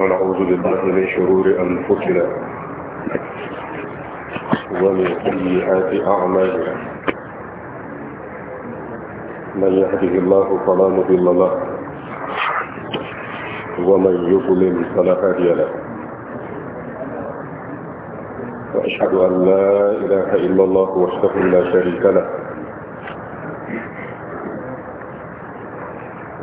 ونعوذ بالله من شرور أنفسنا ومن سيئات أعمالنا من يهده الله فلا مضل له ومن يظلم فلا هادي له وأشهد أن لا إله إلا الله وحده لا شريك له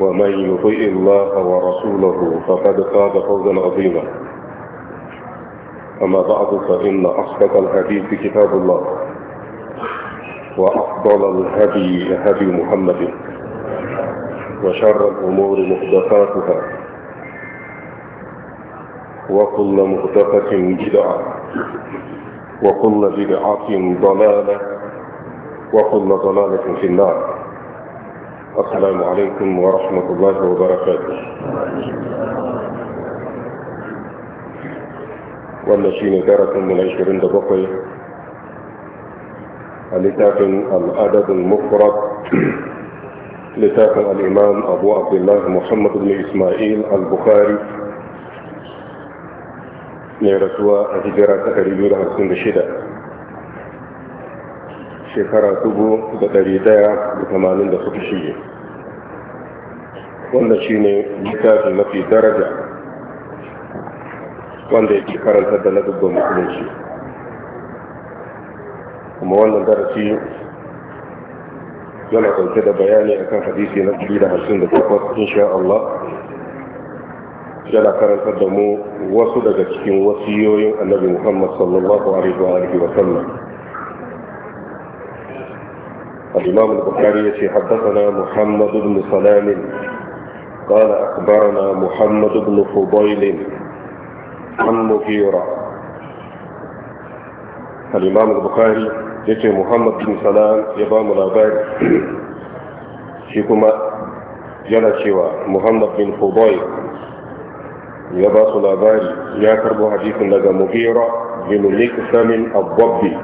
ومن يطيع الله ورسوله فقد فاز فوزا عظيما أما بعد فإن أصدق الحديث كتاب الله وأفضل الهدي هدي محمد وشر الأمور محدثاتها وكل محدثة بدعة وكل بدعة ضلالة وكل ضلالة في النار السلام عليكم ورحمة الله وبركاته ومشيني جارك من عشرين دقائي لتاف العدد المفرد لتاف الإمام أبو عبد الله محمد بن إسماعيل البخاري نيرتوى أجدرات أريبير عن سنة شدة shekara dubu da dari daya da tamanin da suka shige wanda shi ne littafi mafi daraja wanda yake karanta da dubban musulunci kuma wannan darasi yana ɗauke da bayani akan hadisi na ɗari da hamsin da takwas insha Allah yana karanta da mu wasu daga cikin wasiyoyin annabi Muhammad sallallahu alaihi wa sallam الإمام البخاري حدثنا محمد بن سلام قال أخبرنا محمد بن فضيل عن مغيرة الإمام البخاري يتي محمد بن سلام يبام الأباري شكما جل شوى محمد بن فضيل يباس الأباري يا كربو حديث لدى مغيرة بن مكسم الضبي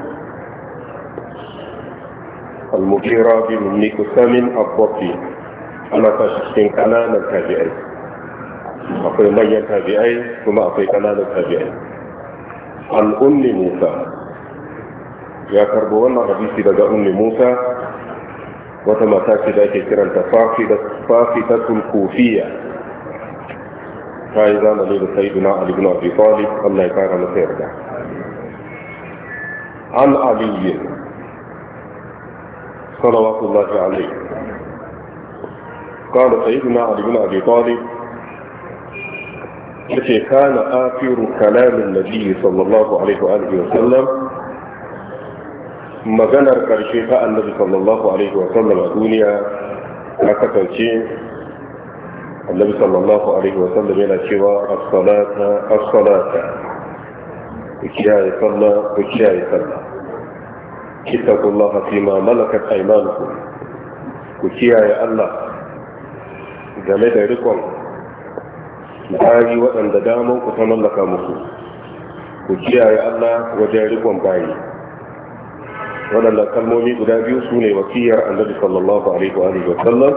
المغيرة بن ميكسام الضبي أنا تشكين كنان التابعين أقول من التابعين ثم أقول كنان التابعين عن أم موسى يا كربون حديثي لدى أم موسى وتما تاكد أي كرنت فافتة الكوفية فإذا نليل سيدنا علي بن أبي طالب الله يكرمه سيرجع عن علي صلوات الله عليه قال سيدنا علي بن ابي طالب التي كان اخر كلام النبي صلى الله عليه واله وسلم ما كان كرشيفا النبي صلى الله عليه وسلم الدنيا ما النبي صلى الله عليه وسلم الى شوا الصلاه الصلاه وكيا يصلى وكيا يصلى اتقوا الله فيما ملكت ايمانكم كيايا الله game da rikon bayi waɗanda damar ku ta mallaka musu ku kiyaye Allah wajen rikon bayi waɗannan kalmomi guda biyu su ne wasiyar annabi sallallahu alaihi wa alihi wa sallam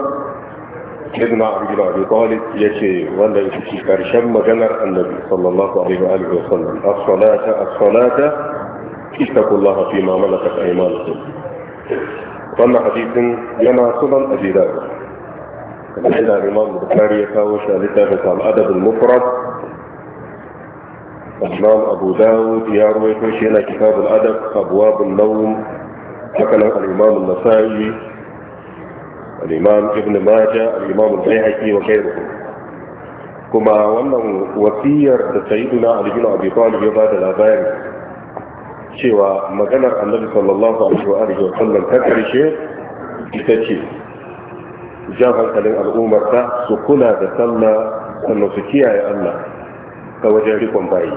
sayyidina abdul abi talib yace wanda yake karshen maganar annabi sallallahu alaihi wa alihi wa sallam as-salata as-salata اتقوا الله فيما ملكت ايمانكم قام حديث لنا صلا ابي داود كما الامام البخاري يتاوش الكتاب الادب المفرد الامام ابو داوود يروي في كتاب الادب ابواب النوم حكله الامام النسائي الامام ابن ماجه الامام البيهقي وغيره كما وانه وصيه سيدنا علي بن ابي طالب يبادل بيان cewa maganar annabi sallallahu alaihi wa alihi wa sallam ta karshe ita ce jan hankalin al'ummar ta su kula da sallah sannan su kiyaye Allah ta wajen rikon bayi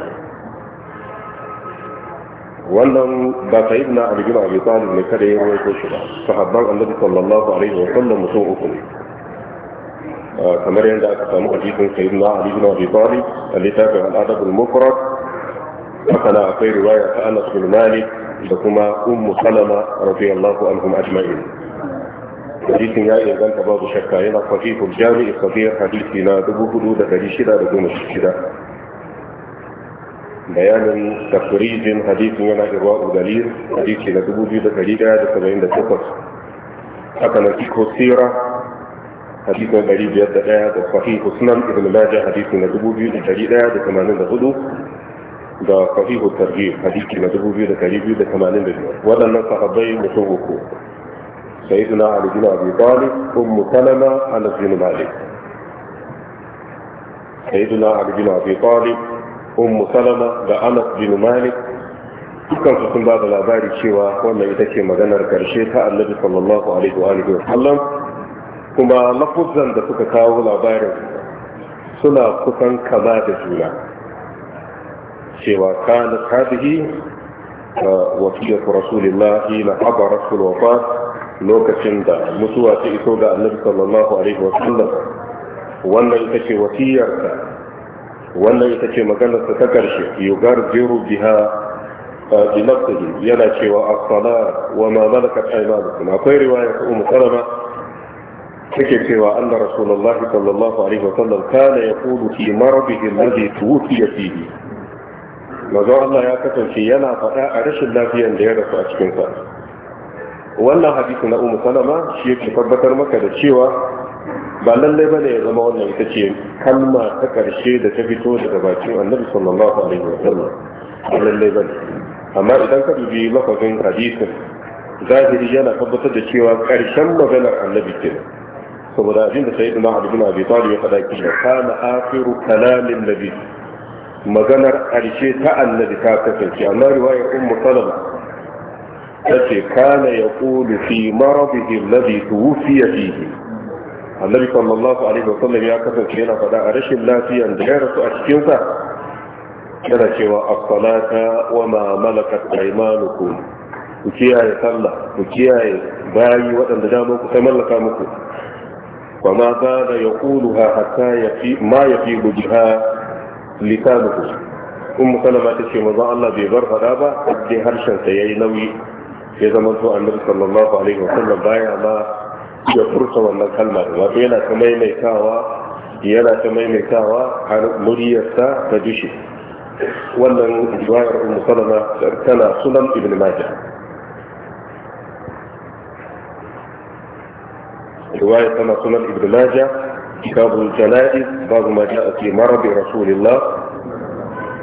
wannan ba ta abu talib ne kada ya shi ba sahabban annabi sallallahu alaihi wa sallam mutum uku ne ah, kamar yadda aka samu hadisin sayyidina ali abi talib a littafin al-adab al مثلا في رواية أنس بن مالك لكما أم سلمة رضي الله عنهم أجمعين حديث يا إذن إيه تباب شكا هنا صحيح الجامع الصغير حديثنا دبو حدود لا دبو مشكلة بيان تفريج حديث ينا إرواء دليل حديثنا دبو جودة حديثة هذا سبعين دقيقة حكنا تكو سيرة حديثنا دليل يد صحيح سنن ابن ماجه حديثنا دبو جودة حديثة هذا ثمانين دقيقة da sahihu tarjih hadisi na 2285 waɗannan sahabbai mutum uku sayyidina ali bin abi talib ummu salama anas bin malik sayyidina ali bin abi talib ummu salama da anas malik dukkan su sun ba da labari cewa wannan ita ce maganar karshe ta annabi sallallahu alaihi wa alihi wa sallam kuma lafuzan da suka kawo labarin suna kusan kama da juna cewa kana hadihi uh, wasiyatu rasulillah ila habarat wafat lokacin da mutuwa ta iso ga annabi sallallahu alaihi wa sallam wannan ita ce wasiyarsa wannan ita ce maganarsa ta karshe yugarjiru biha بنفسه uh, yana cewa as-salat wa ma malakat aymanukum akwai riwaya ta ummu salama take cewa anna rasulullahi sallallahu alaihi wa sallam kana yaqulu fi maradihi alladhi tuwfiya fihi mazo Allah ya kasance yana faɗa a rashin lafiyan da ya rasu a cikinsa wannan hadisi na umu salama shi ya tabbatar maka da cewa ba lallai bane ya zama wannan ita ce kalma ta ƙarshe da ta fito daga bakin annabi sallallahu alaihi wa sallam ba lallai bane amma idan ka dubi lafazin hadisin zahiri yana tabbatar da cewa ƙarshen maganar annabi kenan saboda abin da sayyidina Ali Abi Talib ya faɗa kina kana akhiru kalamin nabi maganar ƙarshe ta annabi ta kasance amma riwaya ummu salama tace kana yaqulu fi maradihi alladhi tuwfiya fihi annabi sallallahu alaihi wasallam ya kasance yana faɗa a rashin lafiyar da ya rasu a cikin sa yana cewa as-salata wa ma malakat aymanukum ku kiyaye sallah ku kiyaye bayi waɗanda da muku sai mallaka muku kuma ba وما كان يقولها حتى يفي ما يفيق bujha lisanuhu ummu salama ta ce manzon Allah bai bar fada ba sai harshen sa yayi nauyi ya zama to annabi sallallahu alaihi wasallam baya ma ya furta wannan kalma wato yana ta maimaitawa yana ta maimaitawa har muryarsa ta dushe wannan riwayar ummu salama tana sunan ibn majah رواية كما سنن ابن ماجه كتاب الجنائز بعض ما جاء في مرض رسول الله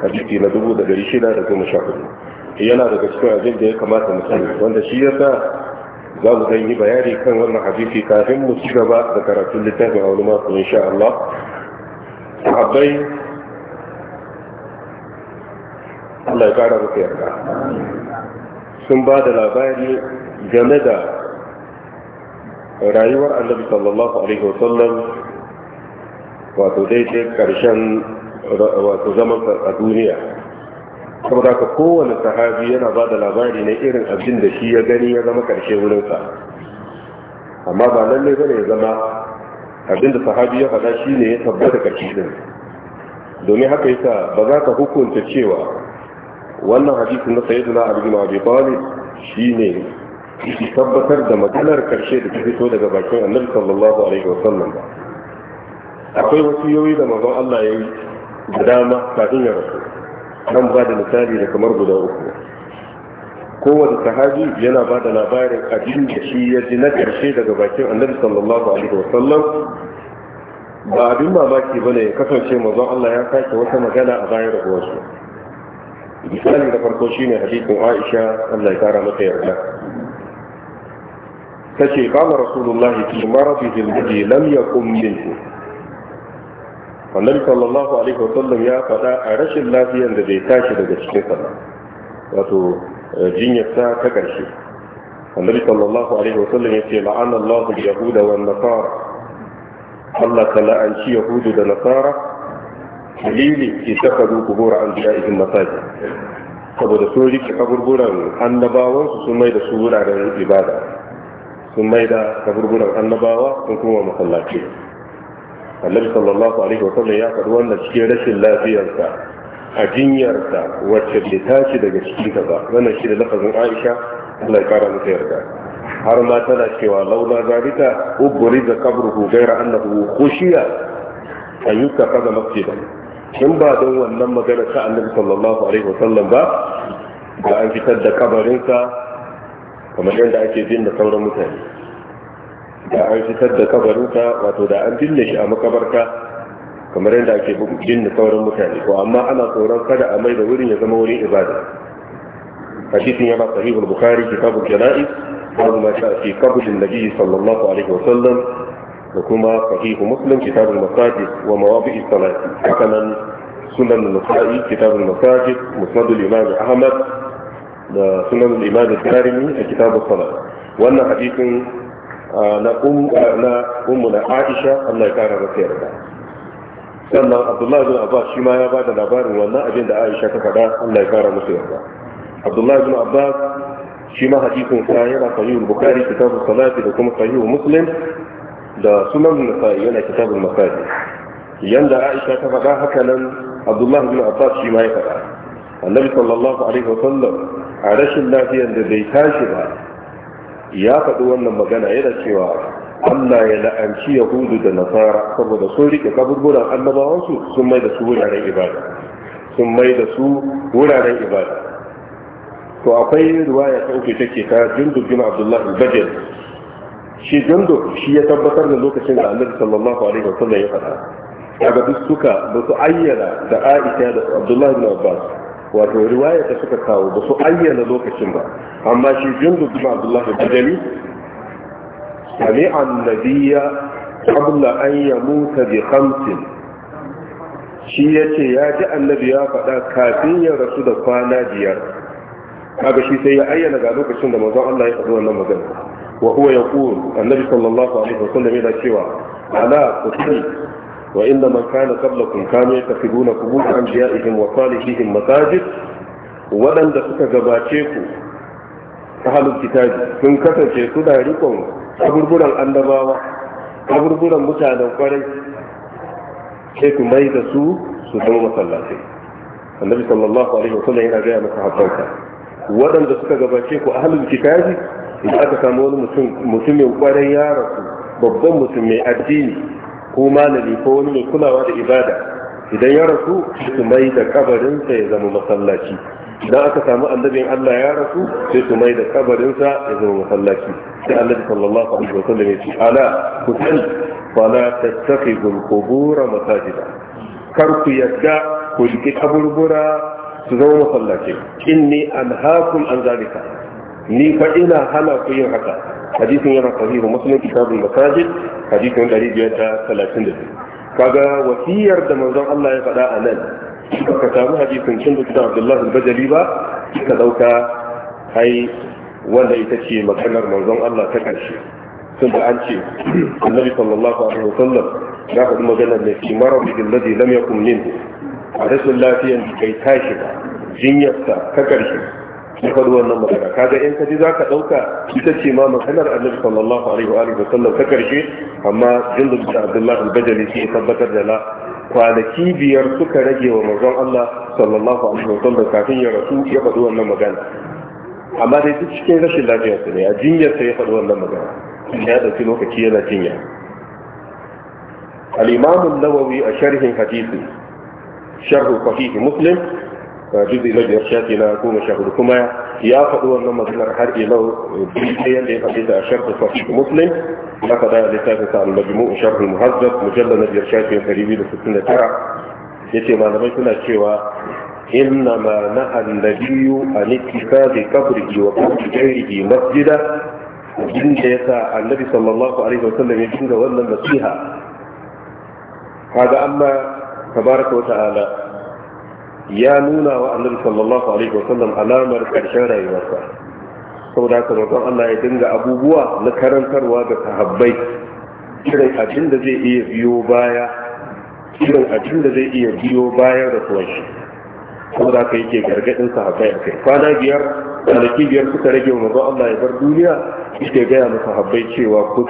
التي ندبو ده جريشي لا تكون مشاكل هي لا تكسكو عزيز كما تمثل وانت شيئة بعض ديني بياري كان وانا حديثي كافم مستقبا ذكرت اللتاك وعلمات إن شاء الله صحابي الله يقعد بك يا رب ثم بعد الأباري جمدا رأيوا النبي صلى الله عليه وسلم wato daidai karshen wato zaman a duniya saboda ka kowane sahabi yana ba da labari ne irin abin da shi ya gani ya zama karshe wurinsa amma ba lalle ba ne ya zama abin da sahabi ya faɗa shi ne ya tabbata karshe din domin haka yasa ba za ka hukunta cewa wannan hadisin na sayyidina abin abi talib shine tabbatar da maganar karshe da ta fito daga bakin annabi sallallahu alaihi wasallam ba akwai wasu yoyi da mazan Allah ya yi da dama kafin ya rasu nan ba da misali da kamar guda uku kowane sahabi yana ba da labarin abin da shi ya ji na ƙarshe daga bakin annabi sallallahu alaihi wasallam ba abin mamaki bane ya kasance mazan Allah ya sake wata magana a bayan rabuwarsu misali da farko shine hadisin Aisha Allah ya kara mata yarda قال رسول الله في مرضه الذي لم يقم منه annabi sallallahu alaihi wa sallam ya faɗa a rashin lafiyar da bai tashi daga cikin sallah wato eh, jinyar ta ta ƙarshe annabi sallallahu alaihi wa sallam ya ce la'ana Allahu yahuda wa nasara Allah ta la'anci yahudu da nasara dalili ke saka zu kubura an biya ihin masajin saboda sun rike kaburburan annabawansu sun mai da su wuraren ibada sun mai da kaburburan annabawa sun kuma masallaci annabi sallallahu alaihi ya faɗi wannan cikin rashin lafiyarsa a jinyarsa wacce bai tashi daga cikin ka ba wannan shi da lafazin Aisha Allah ya kara mata yarda har ma tana cewa laula zalika ubriza qabruhu ghayra annahu khushiya an yukafa masjidan in ba don wannan magana ta annabi sallallahu alaihi ba da an fitar da kabarinsa kamar yadda ake jin da sauran mutane da an fitar da kabarinsa wato da an binne shi a makabarka kamar yadda ake da sauran mutane ko amma ana tsoron kada a maida wurin ya zama wurin ibada hadisin ya sahih al-bukhari kitabul janaiz babu ma sha fi qabrin nabi sallallahu alaihi wa sallam da kuma sahih muslim kitabul masajid wa mawadi'i salat haka nan sunan an-nasa'i kitabul masajid musnad al-imam ahmad da sunan al-imam al-karimi kitabul salat wannan hadisin Um, na ummu na aisha allah ya kara masa yarda sannan abdullahi bin abbas shi ma ya ba da labarin wannan abin da aisha ta faɗa allah ya kara masa yarda abdullahi bin abbas shi ma hadisin sa yana sahihul bukhari kitabul salati da kuma sahihul muslim da sunan nasa'i yana kitabul masajid yanda aisha ta faɗa haka nan abdullahi bin abbas shi ma ya faɗa annabi sallallahu alaihi wasallam a rashin lafiyar da bai tashi ba ya faɗi wannan magana yana cewa Allah ya la'anci Yahudu da Nasara saboda sun rike kaburburan annabawansu sun mai da su wuraren ibada sun mai da su wuraren ibada to akwai riwaya ta uku take ta Jundub bin Abdullah al-Bajal shi Jundub shi ya tabbatar da lokacin da Annabi sallallahu alaihi wasallam ya faɗa daga duk suka ba su ayyana da Aisha da Abdullah bin Abbas wato riwaya da suka kawo ba su ayyana lokacin ba amma shi jundu bin abdullahi bajali sami annabiya qabla an yamuta bi khamsin shi ya ce ya ji annabi ya faɗa kafin ya rasu da kwana biyar kaga shi sai ya ayyana ga lokacin da manzon Allah ya faɗi wannan magana wa huwa yaqul annabi sallallahu alaihi wasallam yana cewa ala kutani وإن من كان قبلكم كانوا يتخذون قبور أنبيائهم وصالحهم مساجد ولن دفك جباتيكو أهل الكتاب من كتن شيكو داريكم أبربورا الأنباوة أبربورا متعنا وقالي شيكو ميدا سو سدوم صلاتي النبي صلى الله عليه وسلم هنا جاء مسحبتك ولن دفك جباتيكو أهل الكتاب إذا أتكامون مسلم يقالي يا رسول babban mutum mai addini ko malami ko wani mai kulawa da ibada idan ya rasu sai su mai da kabarinsa ya zama masallaci idan aka samu annabin Allah ya rasu sai su mai da kabarinsa ya zama masallaci sai annabi sallallahu alaihi wasallam ya ce ala ku san fala tattakhidul qubur masajida kar ku yadda ku rike kaburbura su zama masallaci inni anhaakum an zalika ni fa ina hana ku yin haka hadisin yana sahihu muslim kitabul masajid hadisin 532 kaga wasiyar da manzon Allah ya faɗa a nan ka samu hadisin cin da Abdullah al-Bajali ba ka dauka ai wanda ita ce maganar manzon Allah ta karshe sun da an ce annabi sallallahu alaihi wasallam ya faɗi maganar ne marar marabi alladhi lam yakun minhu a rashin lafiyan da kai tashi ba jinyarsa ta karshe ya faɗi wannan magana kaga in ka ji za ka ɗauka ita ce ma maganar annabi sallallahu alaihi wa alihi wasallam ta karshe amma jindul da abdullahi al-bajali shi ya tabbatar da la kwanaki biyar suka rage wa manzon Allah sallallahu alaihi wa sallam kafin ya rasu ya faɗi wannan magana amma dai duk cikin rashin lafiyarsa ne a jinyarsa ya faɗi wannan magana ya ɗauki lokaci yana jinya al-imam an-nawawi a sharhin hadisi sharh sahih muslim juzi na biyar shafi na goma sha hudu kuma ya faɗi wannan maganar har ilau biyan da ya faɗi da sharh sahih muslim na faɗa a littafin sa al-majmu' sharh al-muhazzab mujallal na biyar shafi na ɗari biyu da sittin da tara yace malamai suna cewa إنما نهى النبي عن اتخاذ قبره وقبر غيره مسجدا abin da ya sa annabi sallallahu alaihi wasallam ya dinga wannan nasiha kaga amma tabaraka wata'ala ya nuna wa annabi sallallahu alaihi wasallam alamar ƙarshen rayuwarsa saboda haka roƙon Allah ya dinga abubuwa na karantarwa ga sahabbai irin abin da zai iya biyo baya irin abin da zai iya biyo bayan rasuwar shi saboda haka yake gargadin sahabbai a kai kwana biyar kwanaki biyar suka rage wa manzon Allah ya bar duniya yake gaya masa sahabbai cewa ku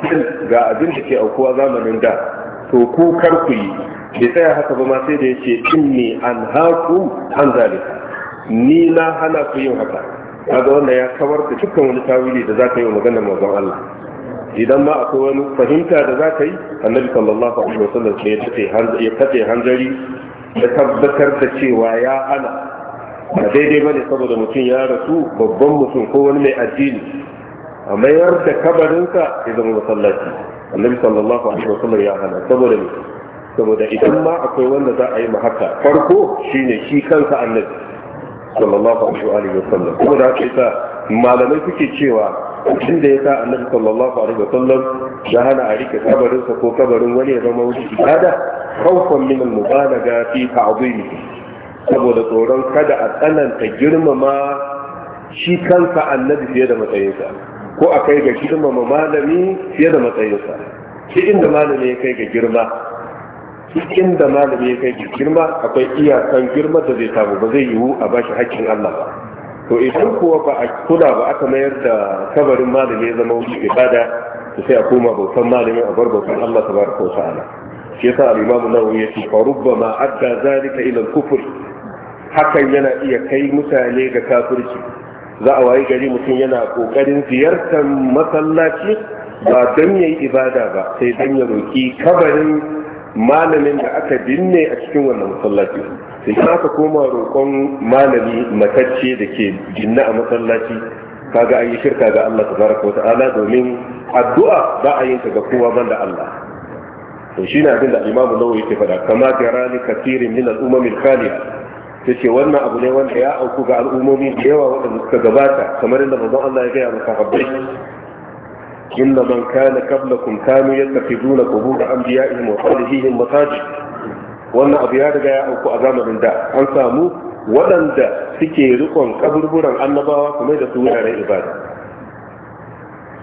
ga abin da ke aukuwa zamanin da to ko kar ku yi bai tsaya haka ba ma sai da yace inni an haku an zalika ni na hana ku yin haka kaga wanda ya kawar da dukkan wani tawili da zaka yi maganar manzon Allah idan ma akwai wani fahimta da za ka yi annabi sallallahu alaihi wasallam sai ya tace ya hanzari ya tabbatar da cewa ya hana ba daidai ba ne saboda mutum ya rasu babban mutum ko wani mai addini a mayar da kabarinsa ya zama masallaci annabi sallallahu alaihi wasallam ya hana saboda ne saboda idan ma akwai wanda za a yi ma haka farko shine shi kansa annabi sallallahu alaihi wasallam kuma da haka yasa malamai suke cewa abin da yasa annabi sallallahu alaihi wasallam ya hana a rike kabarinsa ko kabarin wani ya zama wani ibada khawfan min al-mubalaga fi ta'zimihi saboda tsoron kada a tsananta girmama shi kansa annabi fiye da matsayinsa ko a kai ga girmama malami fiye da matsayinsa shi inda malami ya kai ga girma shi inda malami ya kai ga girma akwai iyakan girma da zai samu ba zai yiwu a bashi hakkin Allah ba to idan kuwa ba a kula ba aka mayar da kabarin malami ya zama wuri ibada to sai a koma bautan malami a bar bautan Allah tabaraka wa ta'ala shi yasa al-imam nawawi yace fa rubbama adda zalika ila al-kufr hakan yana iya kai mutane ga kafirci za a wayi gari mutum yana kokarin ziyartar masallaci ba don ya yi ibada ba sai don ya roki kabarin malamin da aka binne a cikin wannan masallaci sai ka ka koma roƙon malami matacce da ke binne a masallaci kaga an yi shirka ga Allah tabaraka wata'ala domin addu'a ba a yin ta ga kowa banda Allah to shine abin da Imam Nawawi yake faɗa kama garani kasirin min al-umam khaliya yace wannan abu ne wanda ya auku ga al'ummomi da yawa waɗanda suka gabata kamar yadda manzon Allah ya gaya masa habbai inna man kana qablakum kanu yattakhiduna qubur anbiya'ihim wa salihihim masajid wannan abu ya riga ya auku a zamanin da an samu waɗanda suke rikon kaburburan annabawa kuma da su wuraren ibada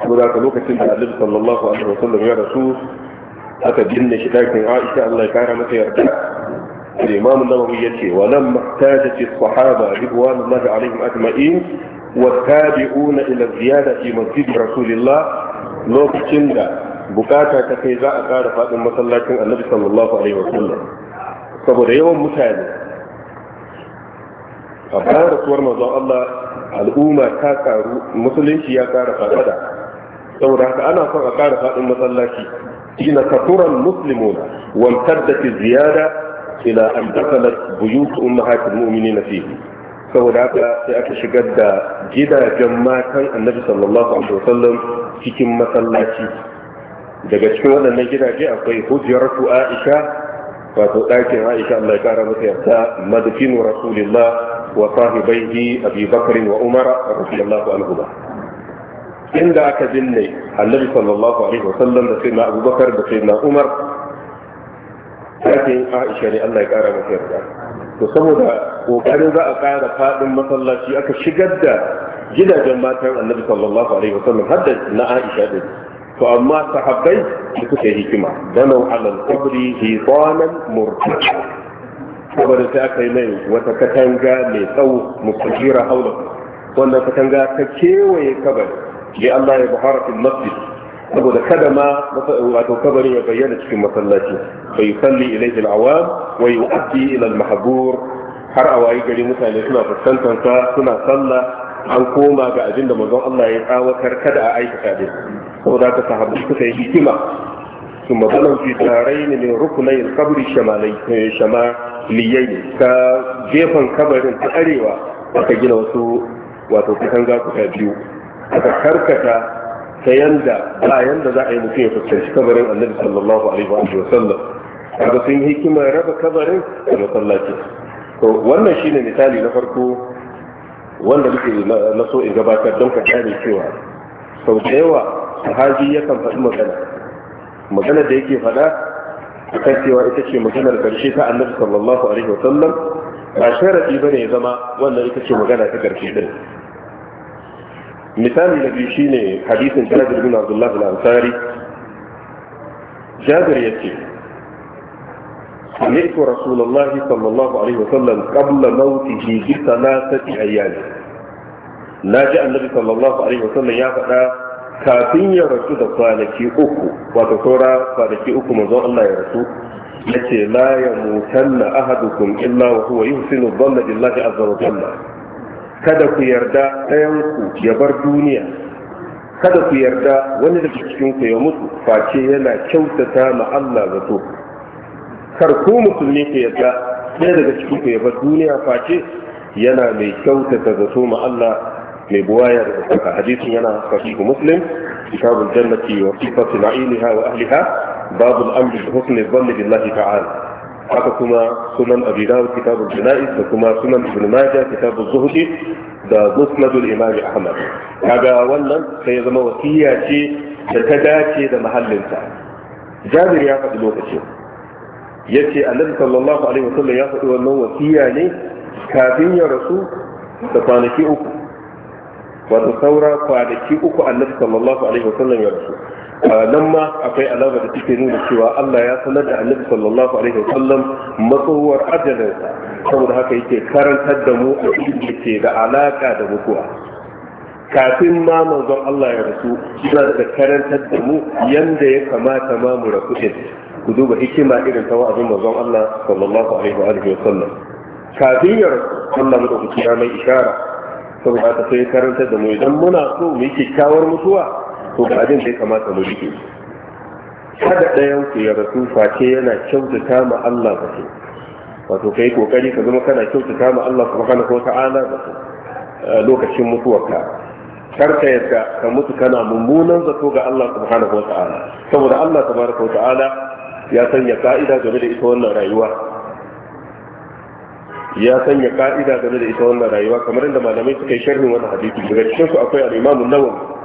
za ka lokacin da Annabi sallallahu alaihi wasallam ya rasu aka binne shi ɗakin Aisha Allah ya kara masa yarda الإمام النووي ولما احتاجت الصحابة رضوان الله عليهم أجمعين والتابعون إلى الزيادة في مسجد رسول الله لوك تشندا بكاتا كتيزا أكاد فاتن مسلاتين النبي صلى الله عليه وسلم فهو يوم متعلم أبار صور مضاء الله الأمة كاكا مسلم يا كارا فاتدا فهو أنا فأكاد فاتن مسلاتين إن كثر المسلمون وامتدت الزيادة ila an dakalat buyut ummahatil mu'minin fihi saboda haka sai aka shigar da gidajen matan annabi sallallahu alaihi wasallam cikin masallaci daga cikin waɗannan gidaje akwai hujjaratu aisha wato ɗakin aisha Allah ya kara masa yarda madfinu rasulillah wa sahibaihi abi bakr wa umar radiyallahu anhu inda aka binne annabi sallallahu alaihi wasallam da sayyidina abubakar da sayyidina umar ɗakin aisha ne allah ya ƙara masa yarda to saboda ƙoƙarin za a ƙara faɗin masallaci aka shigar da gidajen matan annabi sallallahu alaihi wasallam har da na aisha din to amma sahabbai da suka yi hikima danau alal kabri hitanan murtaja saboda sai aka yi mai wata katanga mai tsawo mukajira haula wannan katanga ta kewaye kabari ya Allah ya buhara fil masjid saboda kada ma wato kabari ya bayyana cikin masallaci fa yusalli ilayhi al-awam wa yu'addi ila al-mahbur har a wayi gari mutane suna fuskantar sa suna sallah an koma ga abin da manzon Allah ya tsawatar kada a aikata din saboda ka sahabbai suka yi hikima ثم ظلوا في دارين shamaliyai ركني القبر شمالي شماليين كجيفن كبر تأريوا وكجنا وسو وتوكتن غاكو biyu. aka karkata ta yanda ba yanda za a yi mutum ya fuskanci kabarin annabi sallallahu alaihi wa sallam kaga sun hikimar raba kabarin da masallaci to wannan shine misali na farko wanda muke na so in gabatar don ka gane cewa sau da yawa sahabi yakan faɗi magana magana da yake faɗa kan cewa ita ce maganar karshe ta annabi sallallahu alaihi wa sallam ba sharadi bane ya zama wannan ita ce magana ta ƙarshe din misali na biyu shine hadisin jabir bin abdullah al-ansari jabir yace سمعت رسول الله annabi الله عليه وسلم kafin ya rasu da kwanaki uku wato saura kwanaki uku manzon Allah ya rasu yace la yamutanna ahadukum illa wa huwa yuhsinu dhanna billahi azza wa kada ku yarda ɗayanku ya bar duniya kada ku yarda wani daga cikinku ya mutu face yana kyautata ma Allah zato kar ku musulmi ku yarda ɗaya daga cikinku ya bar duniya face yana mai kyautata zato ma Allah mai buwaya da saka hadisin yana sahihu muslim kitabul jannati wa sifatu na'imiha wa ahliha babul amri bi husni dhanni billahi ta'ala haka kuma sunan abi dawud kitabul jana'iz da kuma sunan ibn majah kitabul zuhdi da musnadul imam ahmad kaga wannan sai ya zama wasiya ce da ta dace da mahallinta jabir ya faɗi lokacin yace annabi sallallahu alaihi wasallam ya faɗi wannan wasiya ne kafin ya rasu da kwanaki uku wato saura kwanaki uku annabi sallallahu alaihi wasallam ya rasu nan ma akwai alama da take nuna cewa Allah ya sanar da Annabi sallallahu alaihi wa sallam matsowar ajalinsa saboda haka yake karantar da mu a da ke da alaka da mutuwa kafin ma manzon Allah ya rasu yana da karantar da mu yanda ya kamata ma mu rasu din ku duba hikima irin ta wa'azin manzon Allah sallallahu alaihi wa sallam kafin ya rasu Allah mu da ya mai ishara saboda haka sai karantar da mu idan muna so mu yi kyakkyawar mutuwa to ba abin da ya kamata mu rike kada ɗayan ku ya rasu face yana kyautata ma Allah ba su wato kai kokari ka zama kana kyautata ma Allah subhanahu wata'ala ba su eh, lokacin mutuwarka kar ka yadda ka mutu kana mummunan zato ga Allah subhanahu wata'ala saboda Allah subhanahu wata'ala ya sanya ka'ida game da ita wannan rayuwa ya sanya ka'ida game da ita wannan rayuwa kamar inda malamai suka yi sharhin wannan hadisi daga cikin su akwai al-Imam an-Nawawi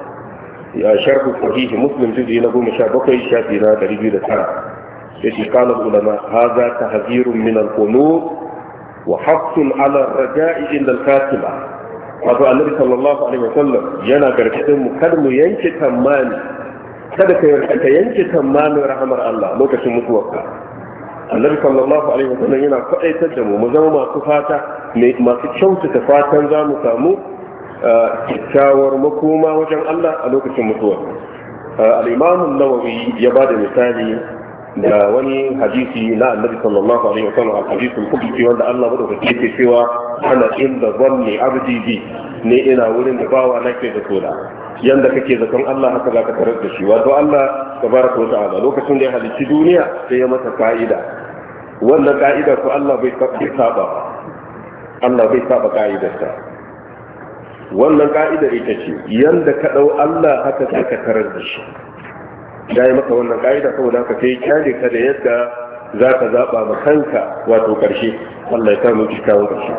sharh sahih muslim juz'i na bakwai shafi na ɗari 209 yace qala ulama hadha tahzirun min al-qulub wa haqqun ala ar-raja'i inda al-katiba wato annabi sallallahu alaihi wa sallam yana gargadin mu kar mu yanke tamani kada ka yanke tamanin rahamar Allah lokacin mutuwarka annabi sallallahu alaihi wa sallam yana faɗaitar da mu mu zama masu fata masu kyautata fatan za mu samu kyakkyawar makoma wajen Allah a lokacin mutuwa al-imam nawawi ya bada misali da wani hadisi na annabi sallallahu alaihi wasallam a hadisin kubuci wanda Allah madaukaki yake cewa ana inda zanni abdi bi ne ina wurin da bawa nake da tsoda yanda kake zaton Allah haka zaka tarar da shi wato Allah tabaraka wa ta'ala lokacin da ya halicci duniya sai ya mata ka'ida wannan ka'ida ko Allah bai saba Allah bai saba ka'idarsa wannan ka'idar ita ce yanda ka dau Allah haka sai ka tarar da shi ya maka wannan ka'ida saboda haka kai kyale ka da yadda za ka zaɓa ma kanka wato ƙarshe Allah ya samu kawo ƙarshe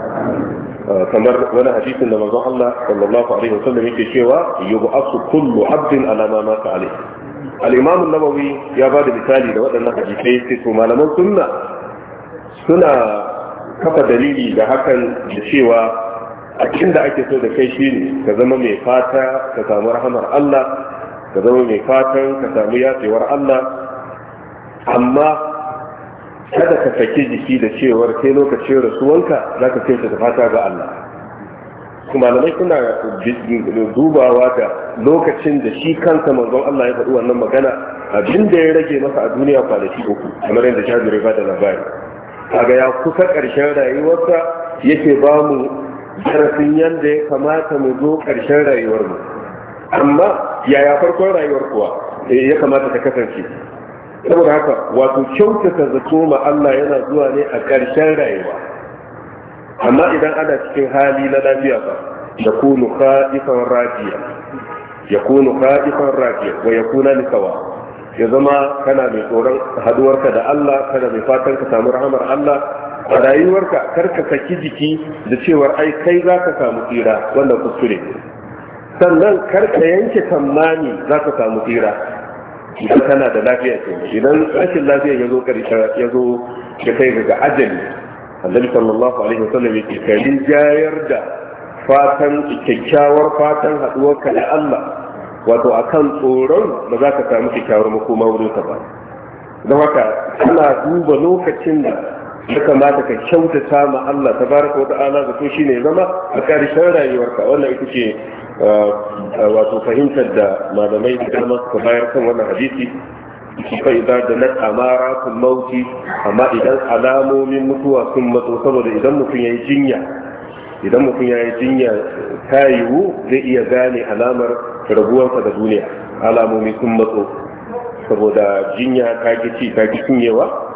ah, kamar wani hadisin da manzon Allah sallallahu alaihi wasallam yake cewa yub'asu kullu abdin ala ma mata alaihi al-imam an-nawawi ya ba da misali da waɗannan hadisai sai to malaman sunna suna kafa dalili da hakan da cewa abin da ake so da kai shi ne ka zama mai fata ka samu rahamar Allah ka zama mai fatan ka samu yatsewar Allah amma kada ka saki jiki da cewar kai lokacin rasuwanka za ka kai da fata ga Allah kuma malamai suna dubawa da lokacin da shi kansa manzon Allah ya faɗi wannan magana abin da ya rage masa a duniya kwanaki uku kamar yadda shi ya da labari kaga ya kusa karshen rayuwarsa yake ba mu darasin yadda ya kamata mu zo ƙarshen rayuwarmu amma yaya farkon rayuwar kuwa eh, ya kamata ta kasance saboda haka wato kyautata zato ma Allah yana zuwa ne a ƙarshen rayuwa amma idan ana cikin hali na lafiya ba ya kunu kha'ifan rajiya ya kunu rajiya wa ya kuna lisawa ya zama kana mai tsoron haduwarka da Allah kana mai fatan ka samu rahamar Allah a rayuwarka karka saki jiki da cewar ai kai za ka samu tsira wanda kuskure sannan karka yanke tammani za ka samu tsira idan kana da lafiya ce idan rashin lafiya ya zo karshe ya zo ya kai ga ajali annabi sallallahu alaihi wasallam yake kai jayar da fatan kyakkyawar fatan haduwarka da Allah wato a kan tsoron ba za ka samu kyakkyawar makoma wurin ka ba don haka kana duba lokacin da ya kamata ka kyautata ma Allah ta tabaraka wata'ala zato shine zama a ƙarshen rayuwarka wannan ita ce uh, uh, wato fahimtar da malamai da dama suka bayar kan wannan hadisi fa idza dalat amaratul mauti amma idan alamomin mutuwa sun matso saboda idan mutum yayi jinya idan mutum yayi jinya ta yiwu zai iya gane alamar rabuwarsa da duniya alamomi sun matso saboda jinya ta ci ta cinyewa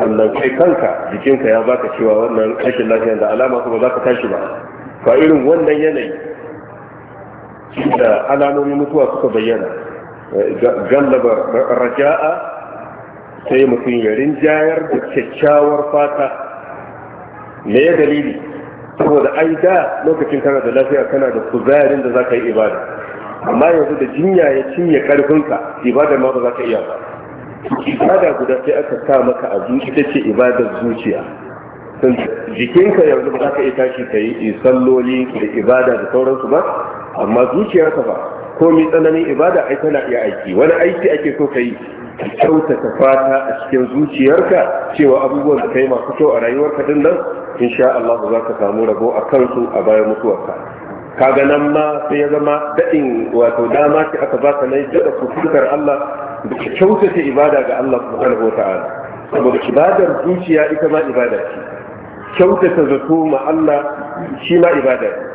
sannan kai kanka jikinka ya baka cewa wannan rashin lafiyar da alama kuma za ka tashi ba ba irin wannan yanayi da alamomin mutuwa suka bayyana gallaba raja'a sai mutum ya rinjayar da kyakkyawar fata me ya dalili saboda ai da lokacin kana da lafiya kana da kuzarin da za ka yi ibada amma yanzu da jinya ya cinye karfinka ibada ma ba za ka iya ba ibada guda sai aka sa maka a zuci ita ce ibadar zuciya jikinka yanzu ba za ka iya tashi ka yi salloli da ibada da sauransu ba amma zuciyarka ba ko mai tsananin ibada ai tana iya aiki wani aiki ake so ka yi kyautata fata a cikin zuciyarka cewa abubuwan da kai masu kyau a rayuwarka din nan insha Allah za ka samu rabo a kansu a bayan mutuwarka kaga nan ma sai ya zama daɗin wato dama ce aka baka na daɗa kusurkar Allah da kyautata ibada ga Allah subhanahu wa ta'ala saboda ibadar zuciya ita ma ibada ce kyautata zato ma Allah shi ma ibada ce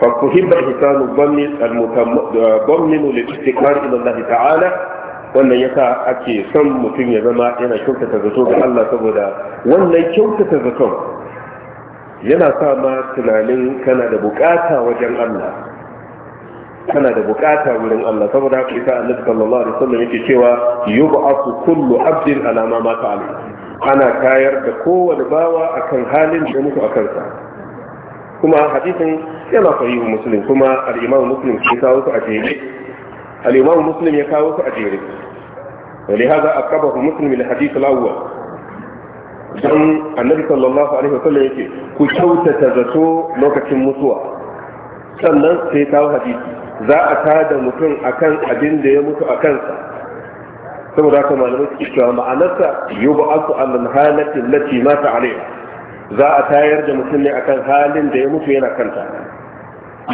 fa kuhibba ihsanu dhanni al-mutamminu lil istiqrar ila Allah ta'ala wannan yasa ake son mutum ya zama yana kyautata zato ga Allah saboda wannan kyautata zato yana sa ma tunanin kana da bukata wajen Allah tana da bukata wurin Allah saboda haka isa, Annabi sallallahu alaihi wasallam yake cewa yub'athu kullu abdin ala ma mata alai ana tayar da kowane bawa akan halin da mutu akan sa kuma hadisin yana sahihu muslim kuma al-Imam Muslim ya kawo su a jere al-Imam Muslim ya kawo su a jere ولهذا أقربه مسلم الحديث الأول don annabi sallallahu alaihi wasallam yake ku kyautata zato lokacin mutuwa sannan sai kawo hadisi za a tada mutum akan abin da ya mutu a kansa saboda haka malamai suke cewa ma'anarsa yub'athu alal halati allati mata alayha za a tayar da mutum ne akan halin da ya mutu yana kanta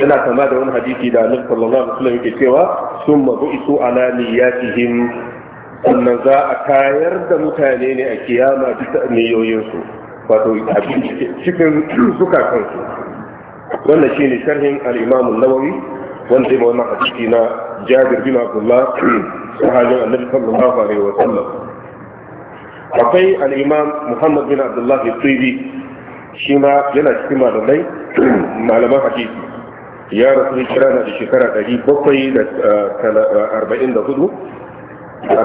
yana kama da wani hadisi da annabi sallallahu alaihi wasallam yake cewa summa bu'isu ala niyyatihim sannan za a tayar da mutane ne a kiyama bisa niyoyinsu wato cikin sukakansu wannan shine sharhin al-imam an-nawawi wanda zai ba wannan hadisi na Jabir bin Abdullah sahabin Annabi sallallahu alaihi wa sallam akwai al-Imam Muhammad bin Abdullah al-Tibi shi ma yana cikin malamai malaman hadisi ya rasu kira na da shekara ah, ah,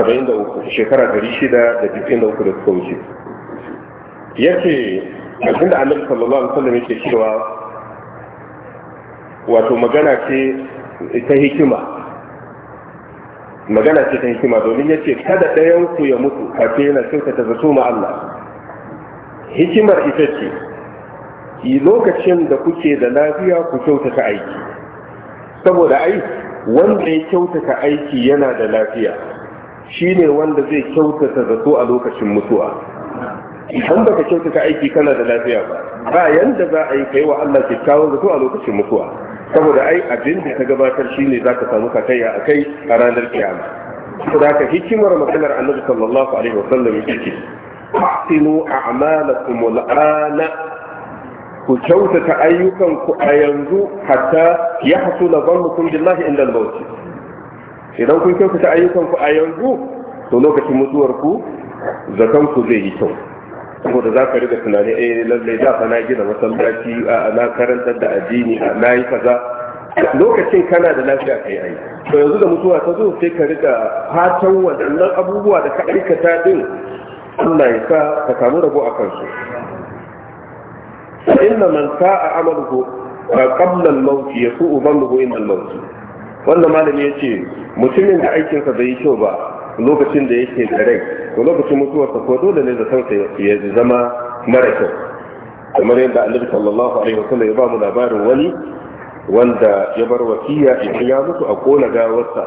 da uku, shekara dari shida da da da uku suka wuce yace abinda annabi sallallahu alaihi wasallam yake cewa wato magana ce ta hikima magana ce ta hikima domin ya ce kada ɗayanku ya mutu kafin yana kyauta ta zato ma Allah hikimar ita ce yi lokacin da kuke da lafiya ku kyautata aiki saboda ai wanda ya kyautata aiki yana da lafiya shine wanda zai kyautata zato a lokacin mutuwa idan baka kyautata aiki kana da lafiya ba ba yanda za a yi kai wa Allah kyakkyawan zato a lokacin mutuwa saboda ai abin da ta gabatar shine za ka samu kakayya a kai a ranar kiyama saboda haka hikimar maganar annabi sallallahu alaihi wa sallam yake ce ahsinu a'malakum al'ana ku kyautata ayyukan ku a yanzu hatta yahsula dhannukum billahi inda al-maut idan kun kyautata ayyukan ku a yanzu to lokacin mutuwar ku zakan ku zai yi kyau saboda za ka riga tunani yi eh, lallai da fa na gina masallaci a na karantar da addini a na yi kaza lokacin kana da lafiya kai ai to yanzu da mutuwa ta zo sai ka riga fatan waɗannan abubuwa da ka aikata din Allah ya sa ka samu rabo a kansu inna man sa'a amaluhu qabla al mawt yasu'u dhannuhu inna al mawt wannan malami yace mutumin da aikinsa bai yi kyau ba lokacin da yake da rai to lokacin mutuwarsa ko dole ne da zatansa ya zama mara kyau kamar yadda annabi sallallahu alaihi wasallam ya ba mu labarin wani wanda ya bar wasiya idan ya mutu a kona gawarsa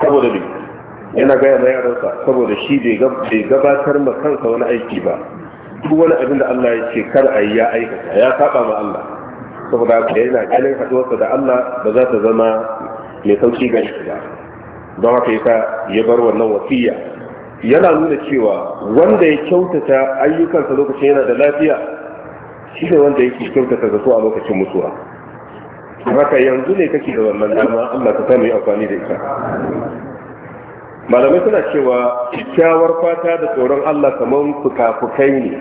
saboda bi yana gaya ma yaransa saboda shi bai gabatar ma kansa wani aiki ba duk wani abin da Allah ya ce kar a yi ya aikata ya saba ma Allah saboda yana ganin haduwarsa da Allah ba za ta zama mai sauki ga shi ba don haka yasa ya bar wannan wasiya yana nuna cewa wanda ya kyautata ayyukansa lokacin yana da lafiya shi ne wanda yake kyautata da su a lokacin mutuwa haka yanzu ne kake da wannan dama Allah ka samu amfani da ita malamai suna cewa kyakkyawar fata da tsoron Allah kamar fukafukai ne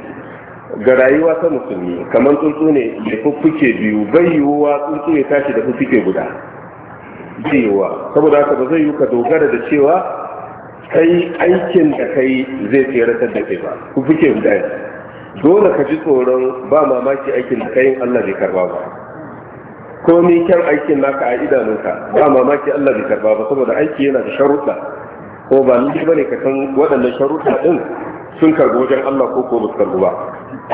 ga rayuwa ta musulmi kamar tsuntsu ne da fuffuke biyu bai yiwuwa tsuntsu ya tashi da fuffuke guda zaiwa saboda haka ba zai yi ka dogara da cewa kai aikin da kai zai tseratar da kai ba ku fuke guda dole ka ji tsoron ba mamaki aikin da kayan Allah bai karba ba ko ni kyan aikin naka a idanunka ba mamaki Allah bai karba ba saboda aiki yana da sharuɗa ko ba ni ne ka san waɗannan sharuɗa din sun karbi wajen Allah ko ko basu karbi ba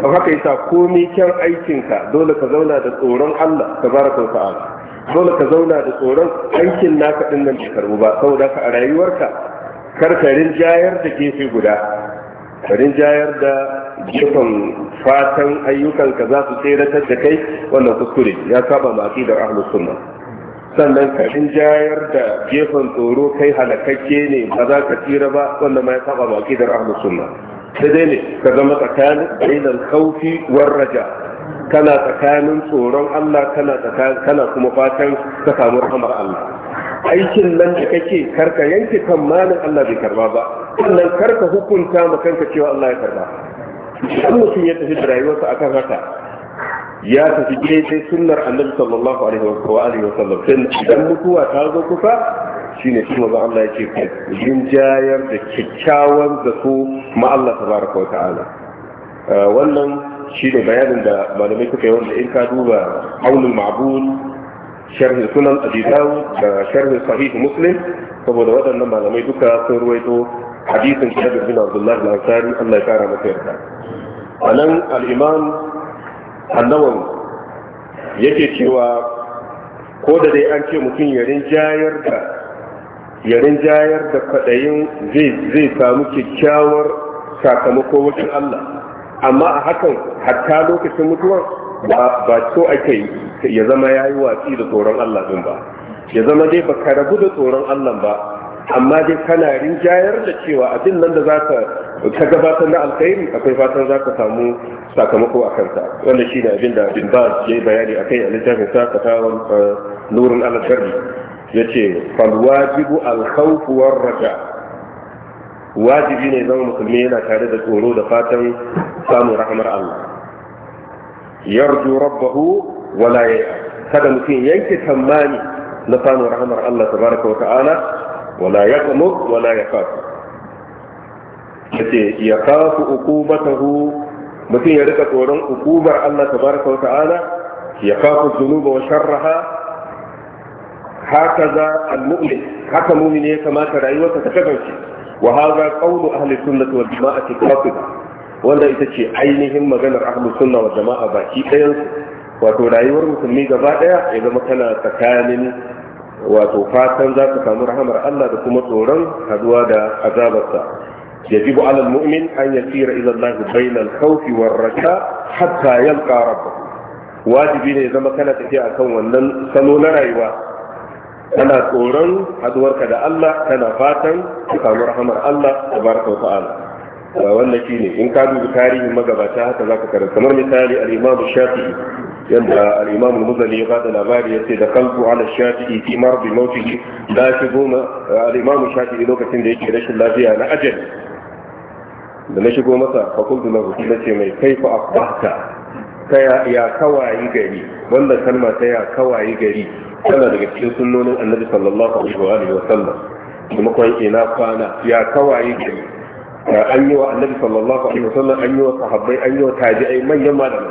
don haka yasa ko ni kyan aikinka dole ka zauna da tsoron Allah tabaraka baraka ta'ala dole ka zauna da tsoron aikin naka din nan bai karbu ba saboda ka a rayuwarka kar ka rinjayar da gefe guda ka rinjayar da gefen fatan ayyukanka za su tseratar da kai wannan kuskure ya saba ma aqidar ahlus sunna sannan ka rinjayar da gefen tsoro kai halakakke ne ba za ka tsira ba wannan ma ya saba ma aqidar ahlus sunna sai dai ne ka zama tsakanin bainal khawfi war raja' kana tsakanin tsoron Allah kana kana kuma fatan ka samu rahmar Allah aikin nan da kake karka yanke malin Allah bai karba ba sannan karka hukunta ma kanka cewa Allah ya karba idan mutum ya tafi da rayuwarsa akan haka ya tafi daidai sunnar annabi sallallahu alaihi wa alihi wa sallam idan mutuwa ta zo kuka, shine shi ma Allah yake ku jayar da kyakkyawan zato ma Allah tabaraka wa ta'ala eh, wannan shi ne bayanin da malamai suka yi wanda in ka duba aunin ma'bud sharhin sunan abi da sharhin sahih muslim saboda waɗannan malamai duka sun ruwaito hadisin da bin abdullah al-ansari Allah ya kara masa yarda anan al-imam annawawi yake cewa ko da dai an ce mutum ya rinjayar da ya rinjayar da zai zai samu kyakkyawar sakamako wajen Allah amma a hakan hatta lokacin mutuwa ba so ake ya zama ya yi watsi da tsoron Allah ɗin ba ya zama dai ka rabu da tsoron Allah ba amma dai kana rinjayar da cewa abin nan da za ka ka gabatar na alkhairi akwai fatan za ka samu sakamako a kansa wanda shi ne abin da bin ba ya yi bayani a kai a littafin sa ka tawon eh, nurin alakarbi ya ce falwajibu alkhawfu raja wajibi ne zama musulmi yana tare da tsoro da fatan samu Allah yarju rabbahu wala ya kada mutum yanke tammani na samun rahmar Allah tabaraka wa ta'ala wala ya kamu wala ya kafu yace ya kafu uqubatahu mutum ya rika tsoron uqubar Allah tabaraka wa ta'ala ya kafu dhunuba wa sharraha hakaza almu'min haka mu'min ya kamata rayuwarsa ta kasance wa hadha qawlu ahli sunnati wal jama'ati qatida wanda ita ce ainihin maganar ahlus sunna wa jama'a baki ɗayan su wato rayuwar musulmi gaba ɗaya ya zama tana tsakanin wato fatan za ka samu rahamar Allah da kuma tsoron haduwa da azabarsa yajibu alal mu'min an yasira ila Allah bainal khawfi war raja hatta yalqa rabbahu wajibi ne zama kana tafiya akan wannan salo na rayuwa kana tsoron haduwarka da Allah kana fatan ka samu rahamar Allah tabaraka wa ta'ala wanda shi ne in ka dubi tarihin magabata haka za ka karanta kamar misali al'imamu shafi'i yadda al'imamu muzali ya bada labari ya ce da kalbu ala shafi'i fi marbi mauti da shi goma al'imamu shafi'i lokacin da yake rashin lafiya na ajali da na shigo masa fakultu na hutu na ce mai kaifa asbahta ta ya kawayi gari wannan kalma ta ya kawayi gari tana daga cikin sunnonin annabi sallallahu alaihi wa sallam kuma ina kwana ya kawayi gari an yi wa annabi sallallahu alaihi wasallam an yi wa sahabbai an yi wa tabi'ai manyan malamai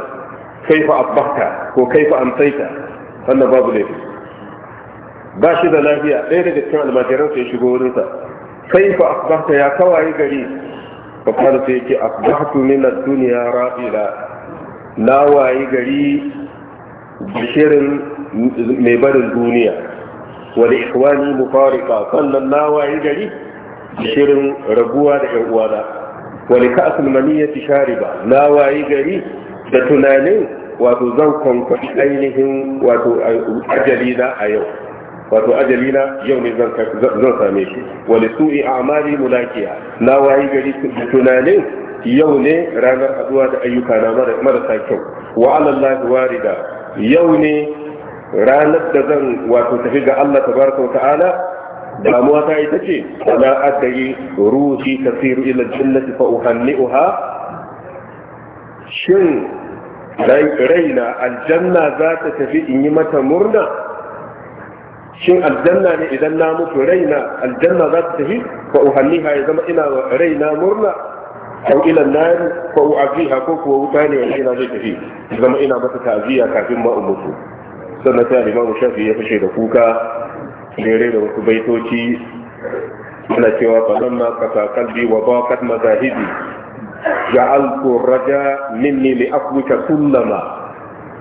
kaifa abbaka ko kaifa amsaita wannan babu laifi ba shi da lafiya ɗaya daga cikin almajiran sai shigo wurinsa kaifa asbahta ya kawai gari fa kana sai yake asbahtu min ad-dunya rafida. na wayi gari bishirin mai barin duniya wal ikhwani mufariqa sannan na wayi gari shirin rabuwa da yan uwana wani fi maniyyati ba na wayi gari da tunanin wato zan kwankwashi ainihin wato ajali na a yau wato ajali na yau ne zan same shi wani su'i a amali mulakiya na wayi gari da tunanin yau ne ranar haduwa da ayyuka na marasa kyau wa alallahi warida yau ne ranar da zan wato tafi ga Allah tabaraka wa ta'ala damuwa ta ita ce ana adari ruhi tasiru ila jannati fa uhanni'uha shin raina aljanna za ta tafi in yi mata murna shin aljanna ne idan na mutu raina aljanna za ta tafi fa uhanniha ya zama ina raina murna na yi a ko أو إلى النار فأعزيها كوك ووتاني وحين أجده إذا ما إنا متى تعزيها Sannan ta أمته shafi ya fashe da kuka. jere da wasu baitoci ana cewa falon ma kasa kalbi wa bakat mazahibi ga raja minni li afwika kullama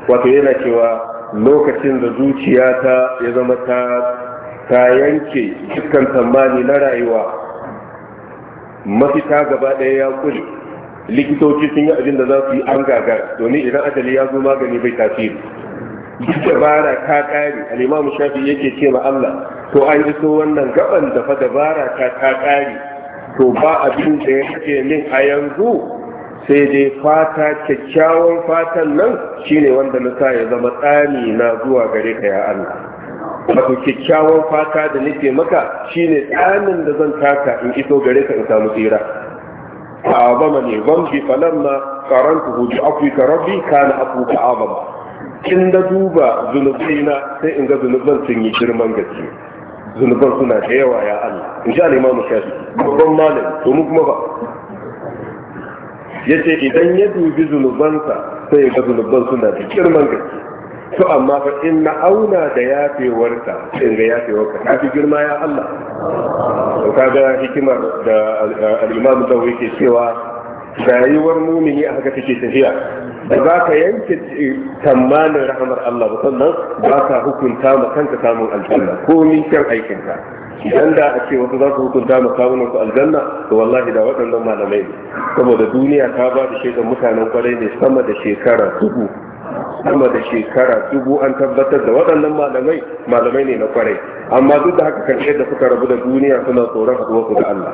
wato yana cewa lokacin da zuciyata ya zama ta ta yanke dukkan tsammani na rayuwa mafita gaba ɗaya ya kuli likitoci sun yi abin da za su yi an gagar domin idan ajali ya zo magani bai tasiri duk dabara ka kare al-imam shafi yake ce ma Allah to an iso wannan gaban da fa dabara ka ka kare to ba abin da yake min a yanzu sai dai fata kyakkyawan fatan nan shine wanda na sa ya zama tsami na zuwa gare ka ya Allah wato kyakkyawan fata da nake maka shine tsanin da zan taka in iso gare ka in samu tsira ma, ذنبي ku قرنته Afirka, rabbi kana Afirka, Abama. in na duba zunubaina sai in ga zunuban sun yi girman gaske zunuban suna da yawa ya Allah in sha limamu shafi babban malam to mu kuma ba ya ce idan ya dubi zunubansa sai ga zunuban suna da girman gaske to amma fa in na auna da yafewarsa sai ga yafewarka ta fi girma ya Allah to kaga hikimar da al-imam da yake cewa rayuwar mumini a haka take tafiya ba za ka yanke tamanin rahamar Allah ba sannan ba ka hukunta ma kanka samun aljanna ko ni kan aikinka idan da a ce wasu za su hukunta ma kawunan ku aljanna to wallahi da waɗannan malamai ne saboda duniya ta ba da shaidan mutanen kwarai ne sama da shekara dubu sama da shekara dubu an tabbatar da waɗannan malamai malamai ne na kwarai amma duk da haka karshe da suka rabu da duniya suna tsoron haɗuwarsu da Allah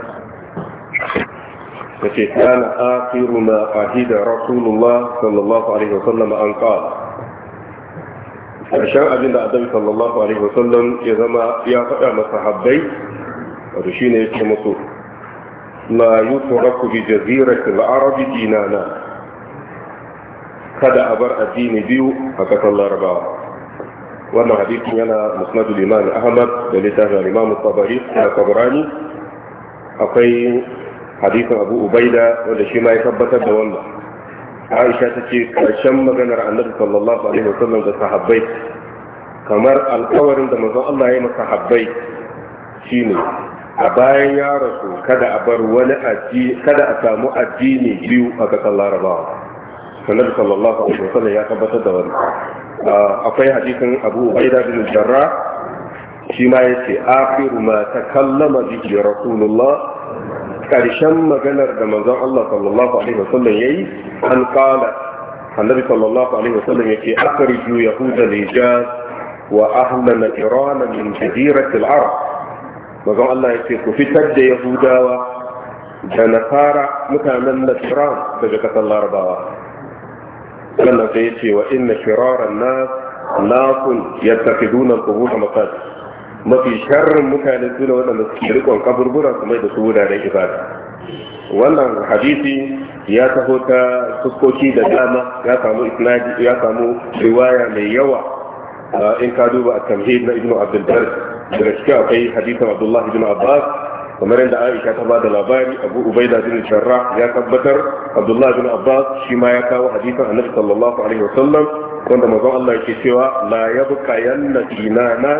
you. yace kana akhiru ma ahida rasulullah sallallahu alaihi wasallam an qala karshen abin da adam sallallahu alaihi wasallam ya zama ya faɗa masa habbai wato shine yake musu la yutraku bi jaziratil arabi dinana kada a bar addini biyu a ƙasar larabawa wannan hadisin yana musnadul imam ahmad da littafin imam tabari da tabrani akwai hadisin abu ubaida wanda shi ma ya tabbatar da wannan aisha ta ce karshen maganar annabi sallallahu alaihi wa sallam da sahabbai kamar alkawarin da manzon Allah ya yi masa habbai shine a bayan ya rasu kada a bar wani aji kada a samu addini biyu a kasar larabawa annabi sallallahu alaihi wa sallam ya tabbatar da wannan akwai hadisin abu ubaida bin jarrah shi ma yace akhiru ma takallama bihi rasulullah ƙarshen maganar da manzon Allah sallallahu alaihi wasallam yayi an qala annabi sallallahu alaihi wasallam yake akhriju yahuda lijaz wa al iran min jazirat al-arab manzon Allah yake ku fitar da yahudawa da nasara mutanen al-iran daga kasar larabawa sannan sai yace wa inna shiraran nas nasun yattaqiduna al-qubur masajid mafi sharrin mutane su ne waɗanda suke rikon kaburbura su mai da su wuraren ibada wannan hadisi ya taho ta fuskoki da dama ya samu isnadi ya samu riwaya mai yawa in ka duba at-tamhid na ibnu abdul bar da shi akwai hadisin abdullah ibn abbas kamar yadda aisha ta bada labari abu ubaida bin sharra ya tabbatar Abdullahi ibn abbas shi ma ya kawo hadisin annabi sallallahu alaihi wasallam wanda manzon Allah yake cewa la yabqa yanna dinana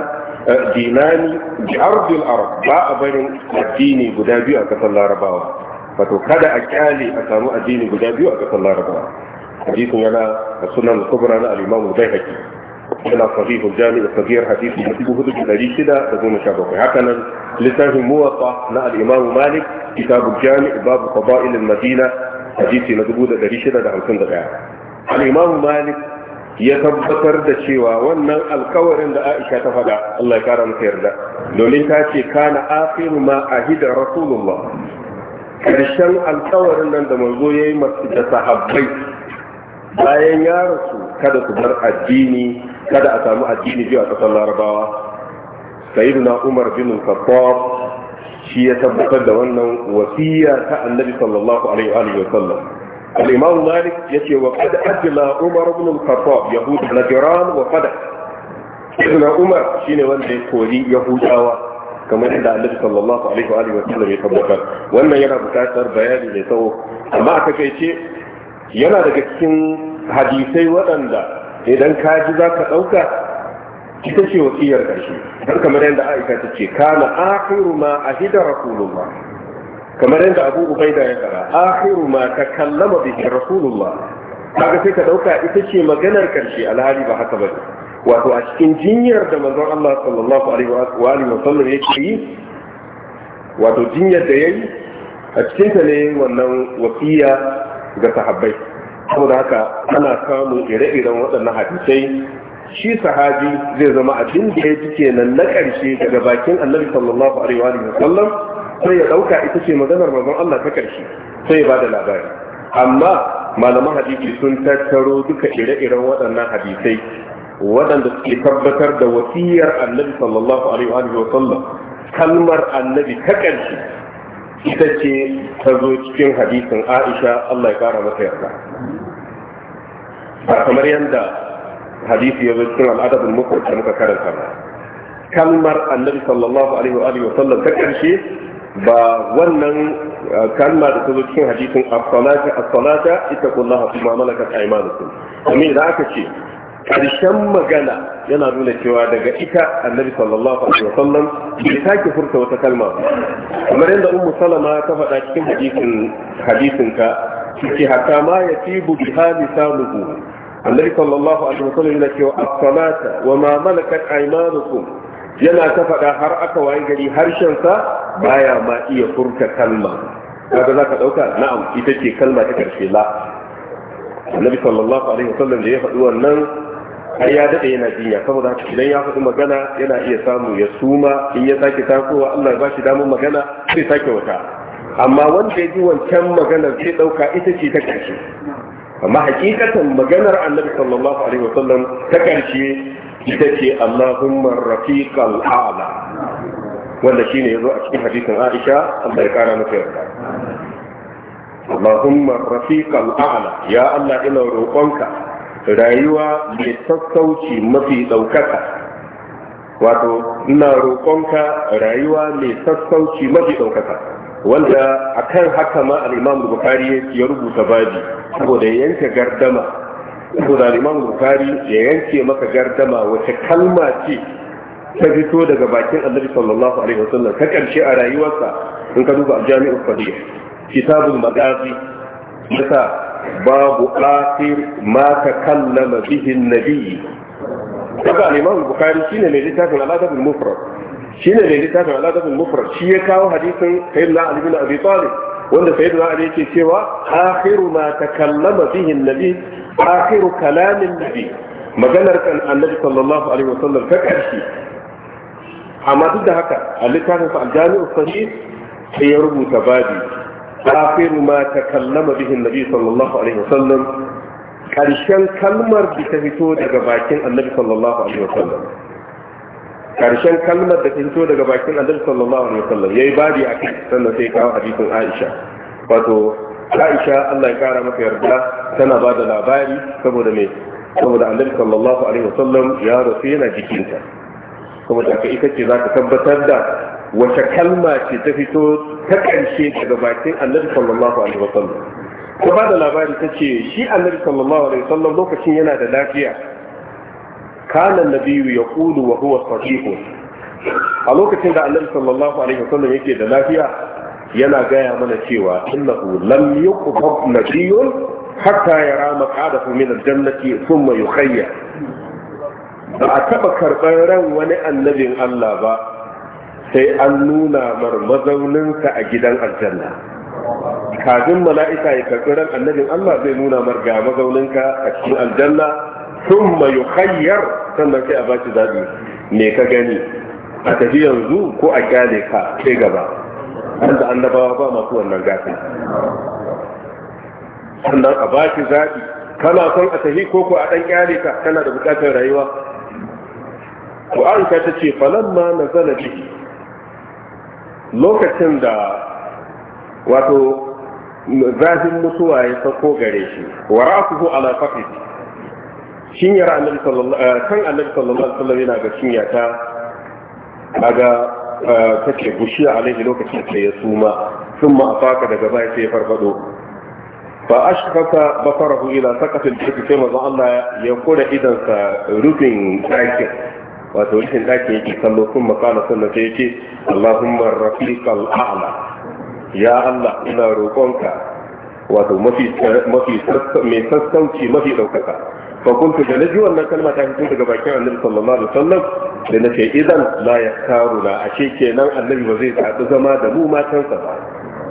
dinani bi ardil arab ba a barin addini guda biyu a kasar larabawa wato kada a kyale a samu addini guda biyu a kasar larabawa hadisin yana a sunan kubra na al-imam al-baihaqi yana sahih al-jami' al-saghir hadisi na 4617 haka nan littafin muwatta na al-imam malik kitab al-jami' babu fada'il al-madina hadisi na 1651 al-imam malik ya tabbatar da cewa wannan alkawarin da Aisha ta faɗa Allah ya kara yarda domin ta ce kana akhiru ma ahida rasulullah karshen alkawarin nan da manzo yayi da sahabbai bayan ya rasu kada su bar addini kada a samu addini biyu a ƙasar larabawa na umar bin khattab shi ya tabbatar da wannan wasiya ta annabi sallallahu alaihi wa sallam الإمام مالك يتي وقد أجلى عمر بن الخطاب يهود نجران وفتح ابن عمر شين وندي كوري يهوداوا كما عند النبي صلى الله عليه وآله وسلم يتبقى وأن يرى بكاتر بياني لسوه أما أكفيتي yana daga cikin hadisai waɗanda idan ka ji za ka ɗauka ita ce wasiyar ƙarshe har kamar yadda aisha ta ce kana akhiru ma ahida rasulullah kamar yadda abu ubaida ya fara akhiru ma takallama bihi rasulullah kaga sai ka dauka ita ce maganar karshe alhali ba haka ba wato a cikin jinyar da manzon Allah sallallahu alaihi wa alihi wa sallam yake yi wato jinyar da yayi a cikin ta ne wannan wasiya ga sahabbai saboda haka ana samun ire-iren waɗannan hadisai shi sahabi zai zama abin da ya ji kenan na ƙarshe daga bakin annabi sallallahu alaihi wa sallam sai ya ɗauka ita ce maganar manzon Allah ta ƙarshe sai ya bada labari amma malaman hadisi sun tattaro duka ire-iren waɗannan hadisai waɗanda suke tabbatar da wasiyar annabi sallallahu alaihi wa sallam kalmar annabi ta ƙarshe ita ce ta zo cikin hadisin Aisha Allah ya kara masa yarda ba kamar yadda hadisi ya zo cikin al'adabul mufrad da muka karanta ba kalmar annabi sallallahu alaihi wa sallam ta ƙarshe ba wannan uh, kalma da ta zo cikin hadisin as-salata as-salata ittaqullaha fima malakat aymanukum amin da aka ce karshen magana yana nuna cewa daga ita annabi sallallahu alaihi wasallam bai sake furta wata kalma kamar yadda ummu salama ta faɗa cikin hadisin hadisin ka ki hatta ma yatibu biha lisanuhu annabi sallallahu alaihi wasallam yana cewa as-salata wa ma malakat aymanukum yana ta faɗa har aka waye gari harshensa baya ma iya furta kalma kaga za ka ɗauka na'am ita ce kalma ta ƙarshe la annabi sallallahu alaihi wasallam da ya faɗi wannan har ya daɗe yana jinya saboda haka idan ya faɗi magana yana iya samu ya suma in ya sake tasowa Allah ya ba shi damar magana sai sake wata amma wanda ya ji wancan maganar sai ɗauka ita ce ta ƙarshe amma hakikatan maganar annabi sallallahu alaihi wasallam ta ƙarshe ita ce Allahumma rafiqal a'la wanda shine yazo a cikin hadisin Aisha Allah ya kara mata yarda Allahumma rafiqal a'la ya Allah ina roƙonka rayuwa mai sassauci mafi ɗaukaka wato ina roƙonka rayuwa mai sassauci mafi ɗaukaka wanda akan haka ma al-Imam Bukhari ya rubuta babi saboda yanke gardama saboda liman Bukhari ya yanke maka gardama wace kalma ce ta fito daga bakin annabi sallallahu alaihi wasallam ta karshe a rayuwarsa in ka duba jami'u fadiyya kitabul maqazi yasa babu akhir ma takallama bihi an-nabi kaga liman Bukhari shine mai littafin al-adab al-mufrad shine mai littafin al-adab al-mufrad shi ya kawo hadisin sayyidina ali bin abi talib wanda sayyidina ali yake cewa akhiru ma takallama bihi an-nabi akhiru kalamin nabi maganar kan annabi sallallahu alaihi wasallam ta karshe amma duk da haka a littafin sa aljami'u sahih ya rubuta babi akhiru ma takallama bihi annabi sallallahu alaihi wasallam karshen kalmar da ta fito daga bakin annabi sallallahu alaihi wasallam karshen kalmar da ta fito daga bakin annabi sallallahu alaihi wasallam yayi babi akai sannan sai kawo Aisha aisha allah ya kara maka yarda tana ba da labari saboda me saboda annabi sallallahu alaihi wasallam ya rasu yana jikinta saboda haka ita ce za ka tabbatar da wace kalma ce ta fito ta ƙarshe daga bakin annabi sallallahu alaihi wasallam ta ba da labari ta ce shi annabi sallallahu alaihi wasallam lokacin yana da lafiya kana nabiyu ya kudu wa huwa sahihu a lokacin da annabi sallallahu alaihi wasallam yake da lafiya yana gaya mana cewa innahu lam yuqbab nabiyun hatta yara maqadahu min aljannati thumma yukhayya ba a taba karban ran wani annabin Allah ba sai an nuna mar a gidan aljanna kafin mala'ika ya karbi ran annabin Allah zai nuna mar ga mazauninka a cikin aljanna thumma yukhayyar sannan sai a baki zabi me ka gani a tafi yanzu ko a kyale ka sai gaba wanda da annabawa ba masu wannan gafin sannan a baki zaɓi kana son a tafi ko a ɗan ƙyale ka kana da buƙatar rayuwa ko an ka ta ce falamma na zana ciki lokacin da wato zafin mutuwa ya sako gare shi wa ra'atuhu ala faqi shin annabi sallallahu eh, kan annabi sallallahu alaihi wasallam yana ga ya ta kaga take bushiya alaihi lokacin da ya suma sun ma'afaka daga baya sai ya farfado fa ashkaka basarahu ila saqatil jiki sai manzo Allah ya kore idansa rufin ɗakin wato rufin ɗakin yake kallo sun makala sannan sai yake Allahumma rafiqal a'la ya Allah ina roƙonka wato mafi mafi mai sassauci mafi ɗaukaka fa kuntu da naji wannan kalma ta fito daga bakin annabi sallallahu alaihi wasallam da nace idan la a ashe kenan annabi ba zai zabi zama da mu matansa ba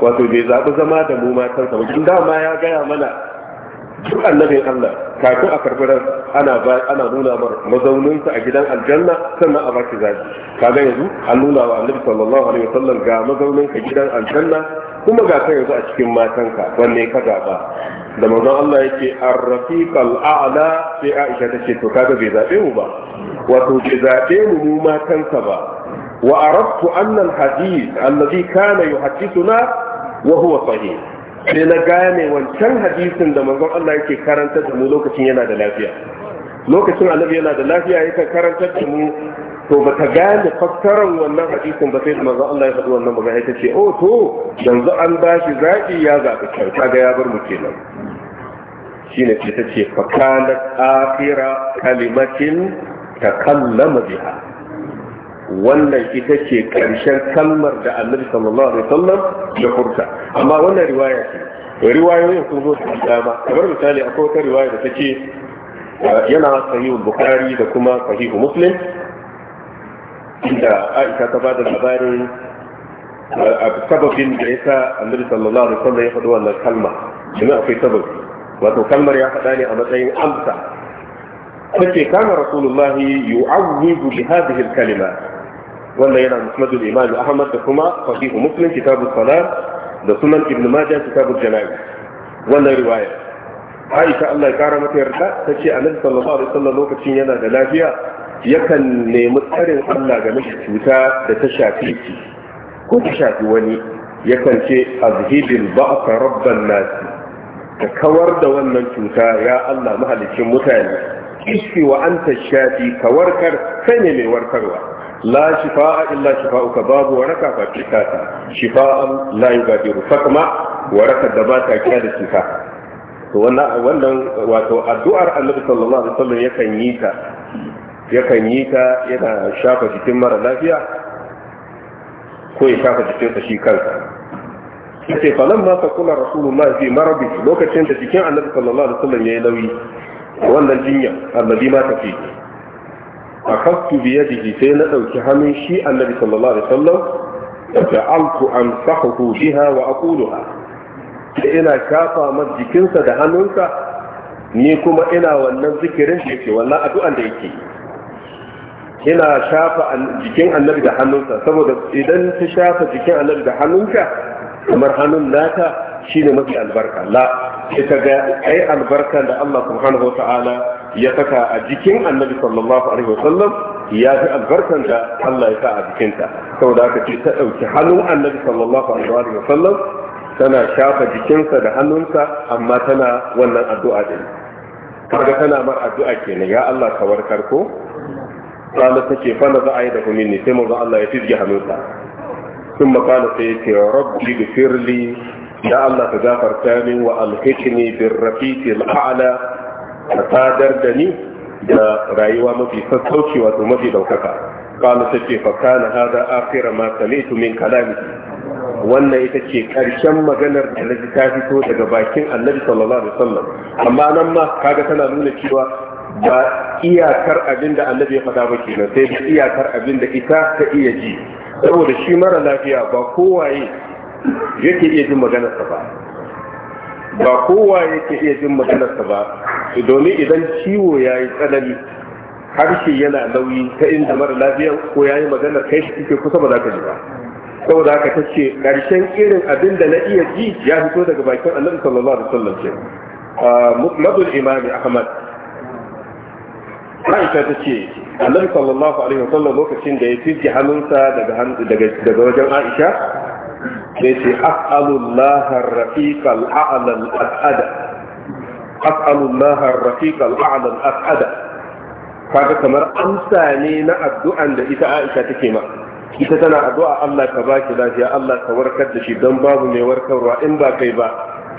wato bai zabi zama da mu matansa ba kin ma ya gaya mana duk annabin Allah kafin a karbaran ana ana nuna mar mazauninsa a gidan aljanna sannan a baki zabi kaga yanzu an nuna wa annabi sallallahu alaihi wasallam ga mazaunin mazauninka gidan aljanna kuma ga kan yanzu a cikin matan ka wanne ka gaba? da manzon Allah yake ar-rafiq sai Aisha tace to kaga bai zabe mu ba wato bai zabe mu mu ma ba wa arabtu anna al-hadith alladhi kana yuhaddithuna wa huwa sahih sai na gane wancan hadisin da manzon Allah yake karanta da mu lokacin yana da lafiya lokacin annabi yana da lafiya yakan karantar da mu to ba ta gane fassarar wannan hadisin ba sai da Allah ya faɗi wannan magana ita ce oh to yanzu an ba shi zaɓi ya zaɓi kai ga ya bar mu kenan shine ce ta ce fa kana akhira kalimatin takallama biha wannan ita ce karshen kalmar da Annabi sallallahu alaihi wasallam ya furta amma wannan riwaya ce riwayoyin sun zo da dama kamar misali akwai wata riwaya da take yana sahihu bukhari da kuma sahihu muslim inda aisha ta da labarin eh, a sababin da yasa annabi sallallahu alaihi wasallam ya faɗi wannan kalma domin akwai sababi wato kalmar ya faɗa ne a matsayin amsa kace kana rasulullahi yu'awwidu bi hadhihi al-kalimat wanda yana musnadul imam ahmad da kuma sahihu muslim kitabus salat da sunan ibn majah kitabul janaiz wannan riwaya Aisha Allah ya kara mata yarda ta ce Annabi sallallahu alaihi wasallam lokacin yana da lafiya yakan nemi tsarin Allah game da cuta da ta shafi shi, ko ta shafi wani yakan ce azhibil ba'sa rabban nas ka kawar da wannan cuta ya Allah mahalicin mutane ishi wa anta shafi ka warkar sanya mai warkarwa la shifa'a illa shifa'uka babu waraka fa cuta shifa'an la yugadiru sakma waraka da ba ta kiya da cuta wannan wato addu'ar annabi sallallahu alaihi wasallam yakan yi ta yakan yi ta yana shafa jikin mara lafiya ko ya shafa jikin shi kansa yace falan ma kula rasulullahi fi maradi lokacin da jikin annabi sallallahu alaihi wasallam yayi nauyi wannan jinya annabi ma ta tafi akhaftu bi yadihi sai na dauki hannun shi annabi sallallahu alaihi wasallam fa'altu amsahuhu biha wa aquluha da ina shafa mai jikinsa da hannunsa ni kuma ina wannan zikirin da yake wannan addu'an da yake ina shafa jikin annabi da hannunsa saboda idan ta shafa jikin annabi da hannunka kamar hannun nata shine mafi albarka la ita ga ai albarka da Allah subhanahu wata'ala ya saka a jikin annabi sallallahu alaihi wasallam ya fi albarkan da Allah ya sa a jikinta saboda haka ce ta dauki hannun annabi sallallahu alaihi wasallam tana shafa jikinsa da hannunsa amma tana wannan addu'a din kaga tana mar addu'a kenan ya Allah ka warkar ko kana take fa na za a yi da kumini sai ga Allah ya fizge hannunsa ثم قال سيدي ربي ka لي يا wa تغفر تاني والحقني بالرفيق الاعلى فقادر دني da rayuwa mafi sassauci wato mafi daukaka kana take fa kana hada akhira ma sami'tu min kalami wannan ita ce ƙarshen maganar da naji ta fito daga bakin annabi sallallahu alaihi wasallam amma nan ma kaga tana nuna cewa ba iyakar abin da annabi ya faɗa ba kenan sai da iyakar abin da ita ta iya ji saboda shi mara lafiya ba kowaye yake iya jin maganarsa ba ba kowa yake iya jin maganarsa ba domin idan ciwo ya yi tsanani harshe yana nauyi ta inda mara lafiya ko ya yi maganar kai shi kusa ba za ka ji ba saboda haka ta ce ƙarshen irin abin da na iya ji ya fito daga bakin annabi sallallahu alaihi wasallam ce musnadul imami ahmad Aisha ta ce annabi sallallahu alaihi wasallam lokacin da ya fiji hannunsa daga daga daga wajen Aisha sai ce as'alullaha ar-rafiq al-a'la al-as'ada as'alullaha ar-rafiq al-a'la al-as'ada kaga kamar amsa ne na addu'an da ita Aisha take ma ita tana addu'a Allah ka ba lafiya Allah ka warkar da shi don babu mai warkarwa in ba kai ba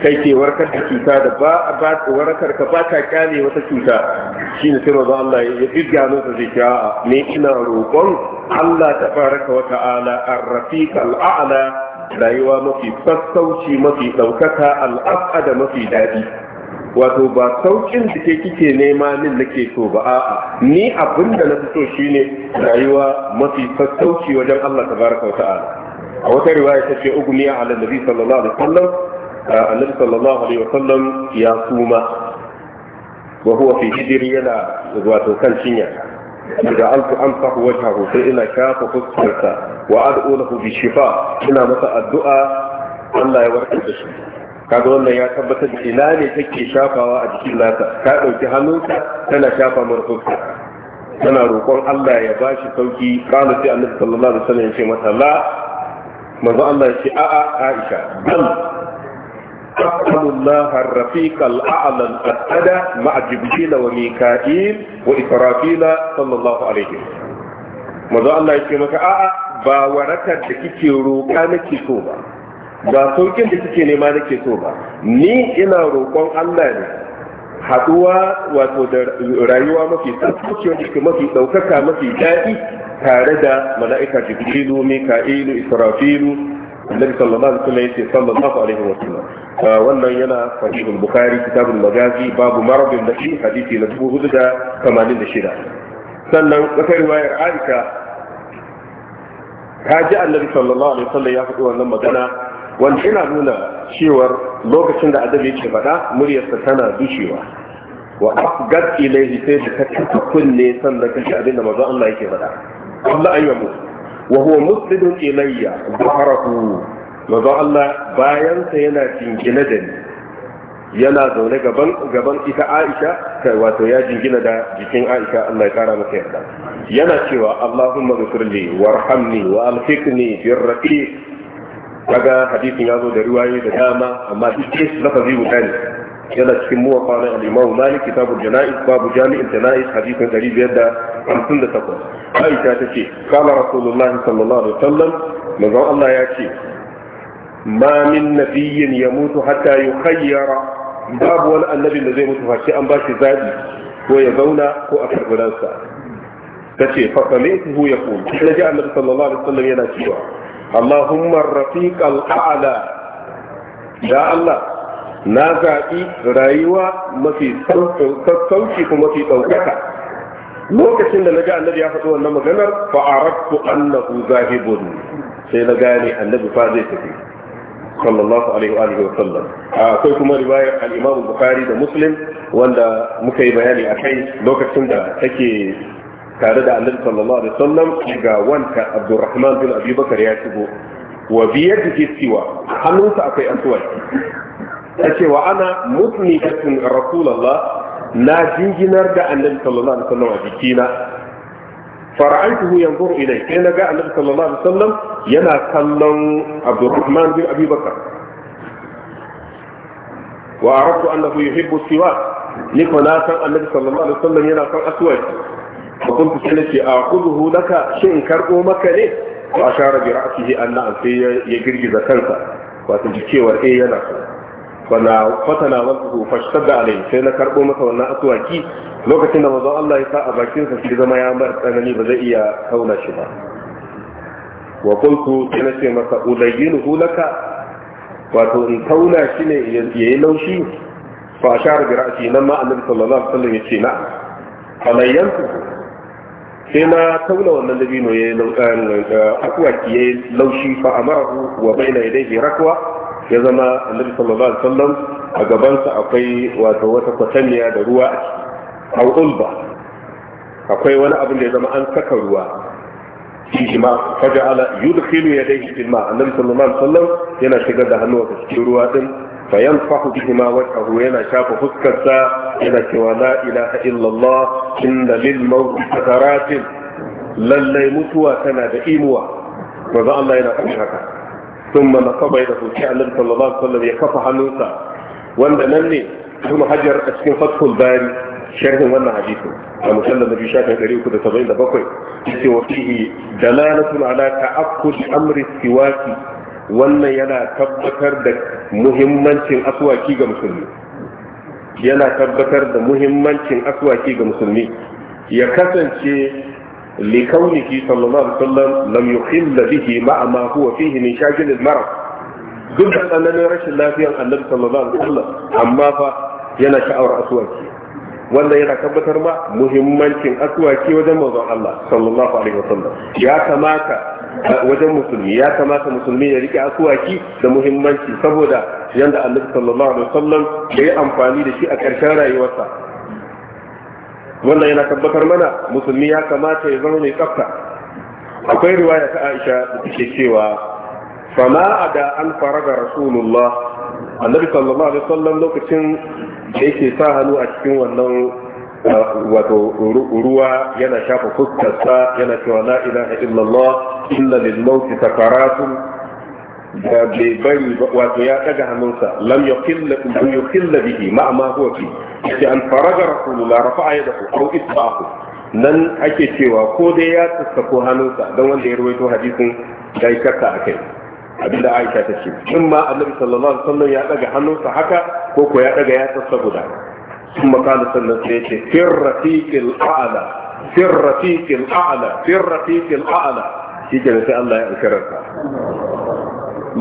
kai ke warkar da cuta da ba ba warkar ka ba ta kyale wata cuta shine sai manzo Allah ya gaggano ta zai a ne ina roƙon Allah tabaraka wa ta'ala ar-rafiq al-a'la rayuwa mafi sassauci mafi ɗaukaka al'ab'a mafi daɗi wato ba saukin da ke kike nema min ke so ba a'a ni abin da na fito shi ne rayuwa mafi sassauci wajen Allah tabaraka wa ta'ala a wata riwaya ta ce ugmiya ala nabi sallallahu alaihi wasallam annabi sallallahu alaihi wasallam ya suma wa huwa fi hijri yana wato kan cinya daga alfu an fahu wajhahu sai ina shafa fuskarsa wa ad'u lahu bi shifa ina masa addu'a Allah ya warkar da shi kaga wannan ya tabbatar da ina ne take shafawa a jikin nata ta ɗauki hannunta tana shafa marfuka tana roƙon Allah ya ba shi sauki kana sai annabi sallallahu alaihi wasallam ya ce mata la manzo Allah ya ce a a Aisha bal Allah ar-rafiq al-a'la al-asada ma'a Jibril wa Mika'il wa Israfil sallallahu alaihi manzo Allah ya ce maka a a ba warakar da kike roƙa nake so ba ba saukin da kike nema nake so ba ni ina roƙon Allah ne haɗuwa wato da rayuwa mafi tsarki wanda mafi ɗaukaka mafi daɗi tare da mala'ika jibrilu mika'ilu israfilu annabi sallallahu alaihi wasallam yace sallallahu alaihi wasallam ah, wannan yana sahihul bukhari kitabul magazi babu maradin da shi hadisi na 486 sannan wata riwayar aisha ta ji annabi sallallahu alaihi wasallam ya faɗi wannan magana wanda ina nuna cewar lokacin da adabi yake faɗa muryarsa tana dushewa wa afgad ilaihi sai da ta kaka kunne sannan kashi abin da manzon Allah yake faɗa Allah an wa huwa muslimun ilayya zaharahu manzon Allah bayansa yana jingina da ni yana zaune gaban gaban ita Aisha kai wato ya jingina da jikin Aisha Allah ya kara masa yarda yana cewa Allahumma ghfirli warhamni wa alhiqni bir rafiq kaga hadisin ya zo da riwayoyi da dama amma duk dai lafazi guda ne yana cikin muwafa na al-Imam Malik kitabul Janaiz babu Jami'in Janaiz hadisin 558 Aisha ce, kana Rasulullahi sallallahu alaihi wasallam manzon Allah ya ce ma min nabiyyin yamutu hatta yukhayyara babu wani annabin da zai mutu face an bashi zabi ko ya zauna ko a karburansa tace fa sami'tuhu yaqul ji annabi sallallahu alaihi wasallam yana cewa Allahumma rafiq al'ala da Allah na zaɓi rayuwa mafi sassauci kuma mafi ɗaukaka lokacin da na ga annabi ya faɗi na maganar fa'arattu annahu zahibun sai na gane annabi fa zai tafi sallallahu alaihi wa sallam akwai kuma riwayar al-Imam da Muslim wanda muka yi bayani akai lokacin da take tare da annabi sallallahu alaihi wasallam ga wanka abdurrahman bin abi bakar ya shigo wa biyar ke cewa hannunsa akwai asuwai ta ce wa ana mutuni kasin rasulallah na jinginar da annabi sallallahu alaihi wasallam a jikina fara'aituhu yanzuru ilai sai na ga annabi sallallahu alaihi wasallam yana kallon abdurrahman bin abi bakar wa arabtu annahu yuhibbu siwak ni ko na san annabi sallallahu alaihi wasallam yana son aswaki fa kuntu sai nace a kuduhu laka shin karbo maka ne wa ashara bi ra'sihi anna sai ya girgiza kansa wato jikewar eh yana so wana fatana wasu fashtadda alai sai na karbo maka, wannan asuwaki lokacin da manzo Allah ya sa a bakin sa shi zama ya bar tsanani ba zai iya kauna shi ba wa qultu ina ce masa ulayyinuhu laka wato in kauna shi ne yayi laushi fa ashara bi ra'si nan ma annabi sallallahu alaihi wasallam yace na falayyantu sai na tauna wannan dabino ya eh, akwaki ya yi laushi fa amarahu wa baina yadayhi rakwa ya zama annabi sallallahu alaihi wasallam a gabansa akwai wato wata kwatanniya da ruwa a ciki ulba akwai wani abin da ya zama an saka ruwa shi ma faja ala yudkhilu yadayhi fil ma annabi sallallahu alaihi wasallam yana shigar da hannuwa cikin ruwa din fayan fahu bihi ma yana shafa fuskarsa yana cewa la ilaha illallah inda lil mawti sakaratin lallai mutuwa tana da imuwa manzo Allah yana kashi haka thumma naqaba ila sulki annabi sallallahu alaihi wasallam ya kafa hannunsa wanda nan ne ibn hajar a cikin fathul bari sharhin wannan hadisi a musallan nabi shafi 377 yace wa fihi dalalatu ala ta'akkud amri siwaki wannan yana tabbatar da muhimmancin asuwaki ga musulmi yana tabbatar da muhimmancin asuwaki ga musulmi ya kasance likauniki sallallahu alaihi wasallam lam yuhill bihi ma'a ma huwa fihi min shajil al-marad duk da tsananin rashin lafiyar annabi sallallahu alaihi wasallam amma fa yana sha'awar asuwaki. wanda yana tabbatar ma muhimmancin asuwaki wajen manzon Allah sallallahu alaihi wasallam ya kamata wajen musulmi ya kamata musulmi ya rike asuwaki da muhimmanci saboda yanda annabi sallallahu alaihi wasallam ya yi amfani da shi a ƙarshen rayuwarsa wannan yana tabbatar mana musulmi ya kamata ya zama mai tsafta akwai riwaya ta Aisha da take cewa fama ada an ga rasulullah annabi sallallahu alaihi wasallam lokacin da yake sa hannu a cikin wannan uh, wato ruwa yana shafa fuskarsa yana cewa la ilaha illallah inna lil mauti sakaratun da bai bari wato ya daga hannunsa lam yuqilla lam yuqilla bihi ma ma huwa fi yace an faraga rasulullah rafa'a yadahu aw itba'ahu nan ake cewa ko dai ya tsako hannunsa don wanda ya rawaito hadisin da ya karta akai abinda Aisha ta ce in ma Annabi sallallahu alaihi wasallam ya daga hannunsa haka ko ko ya daga ya tsasa guda ثم قال صلى الله عليه وسلم في الرفيق الأعلى في الرفيق الأعلى shi ke sai Allah ya amshi ransa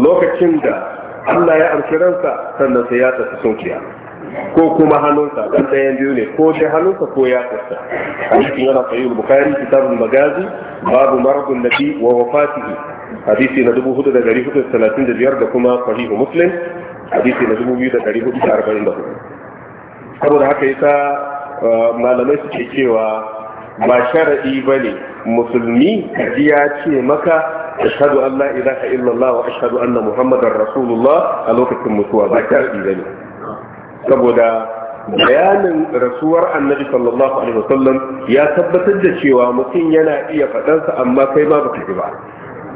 lokacin da Allah ya amshi ransa sannan sai ya tafi sokiya ko kuma hannunsa dan ɗayan biyu ne ko dai hannunsa ko ya tafi tsarsa hadisin yana sayi bukari kitabun magazi babu maradun nabi wa wafatihi hadisi na 4435 da kuma sahihu muslim hadisi na 2444 saboda haka yasa eh, malamai suke cewa ba sharaɗi ba ne musulmi ji ya ce maka ashhadu an la ka illallah wa ashadu anna muhammadar rasulullah a lokacin mutuwa ba sharaɗi ba ne saboda bayanin rasuwar annabi sallallahu alaihi wasallam ya tabbatar da cewa mutum yana iya faɗansa amma kai ma baka ji ba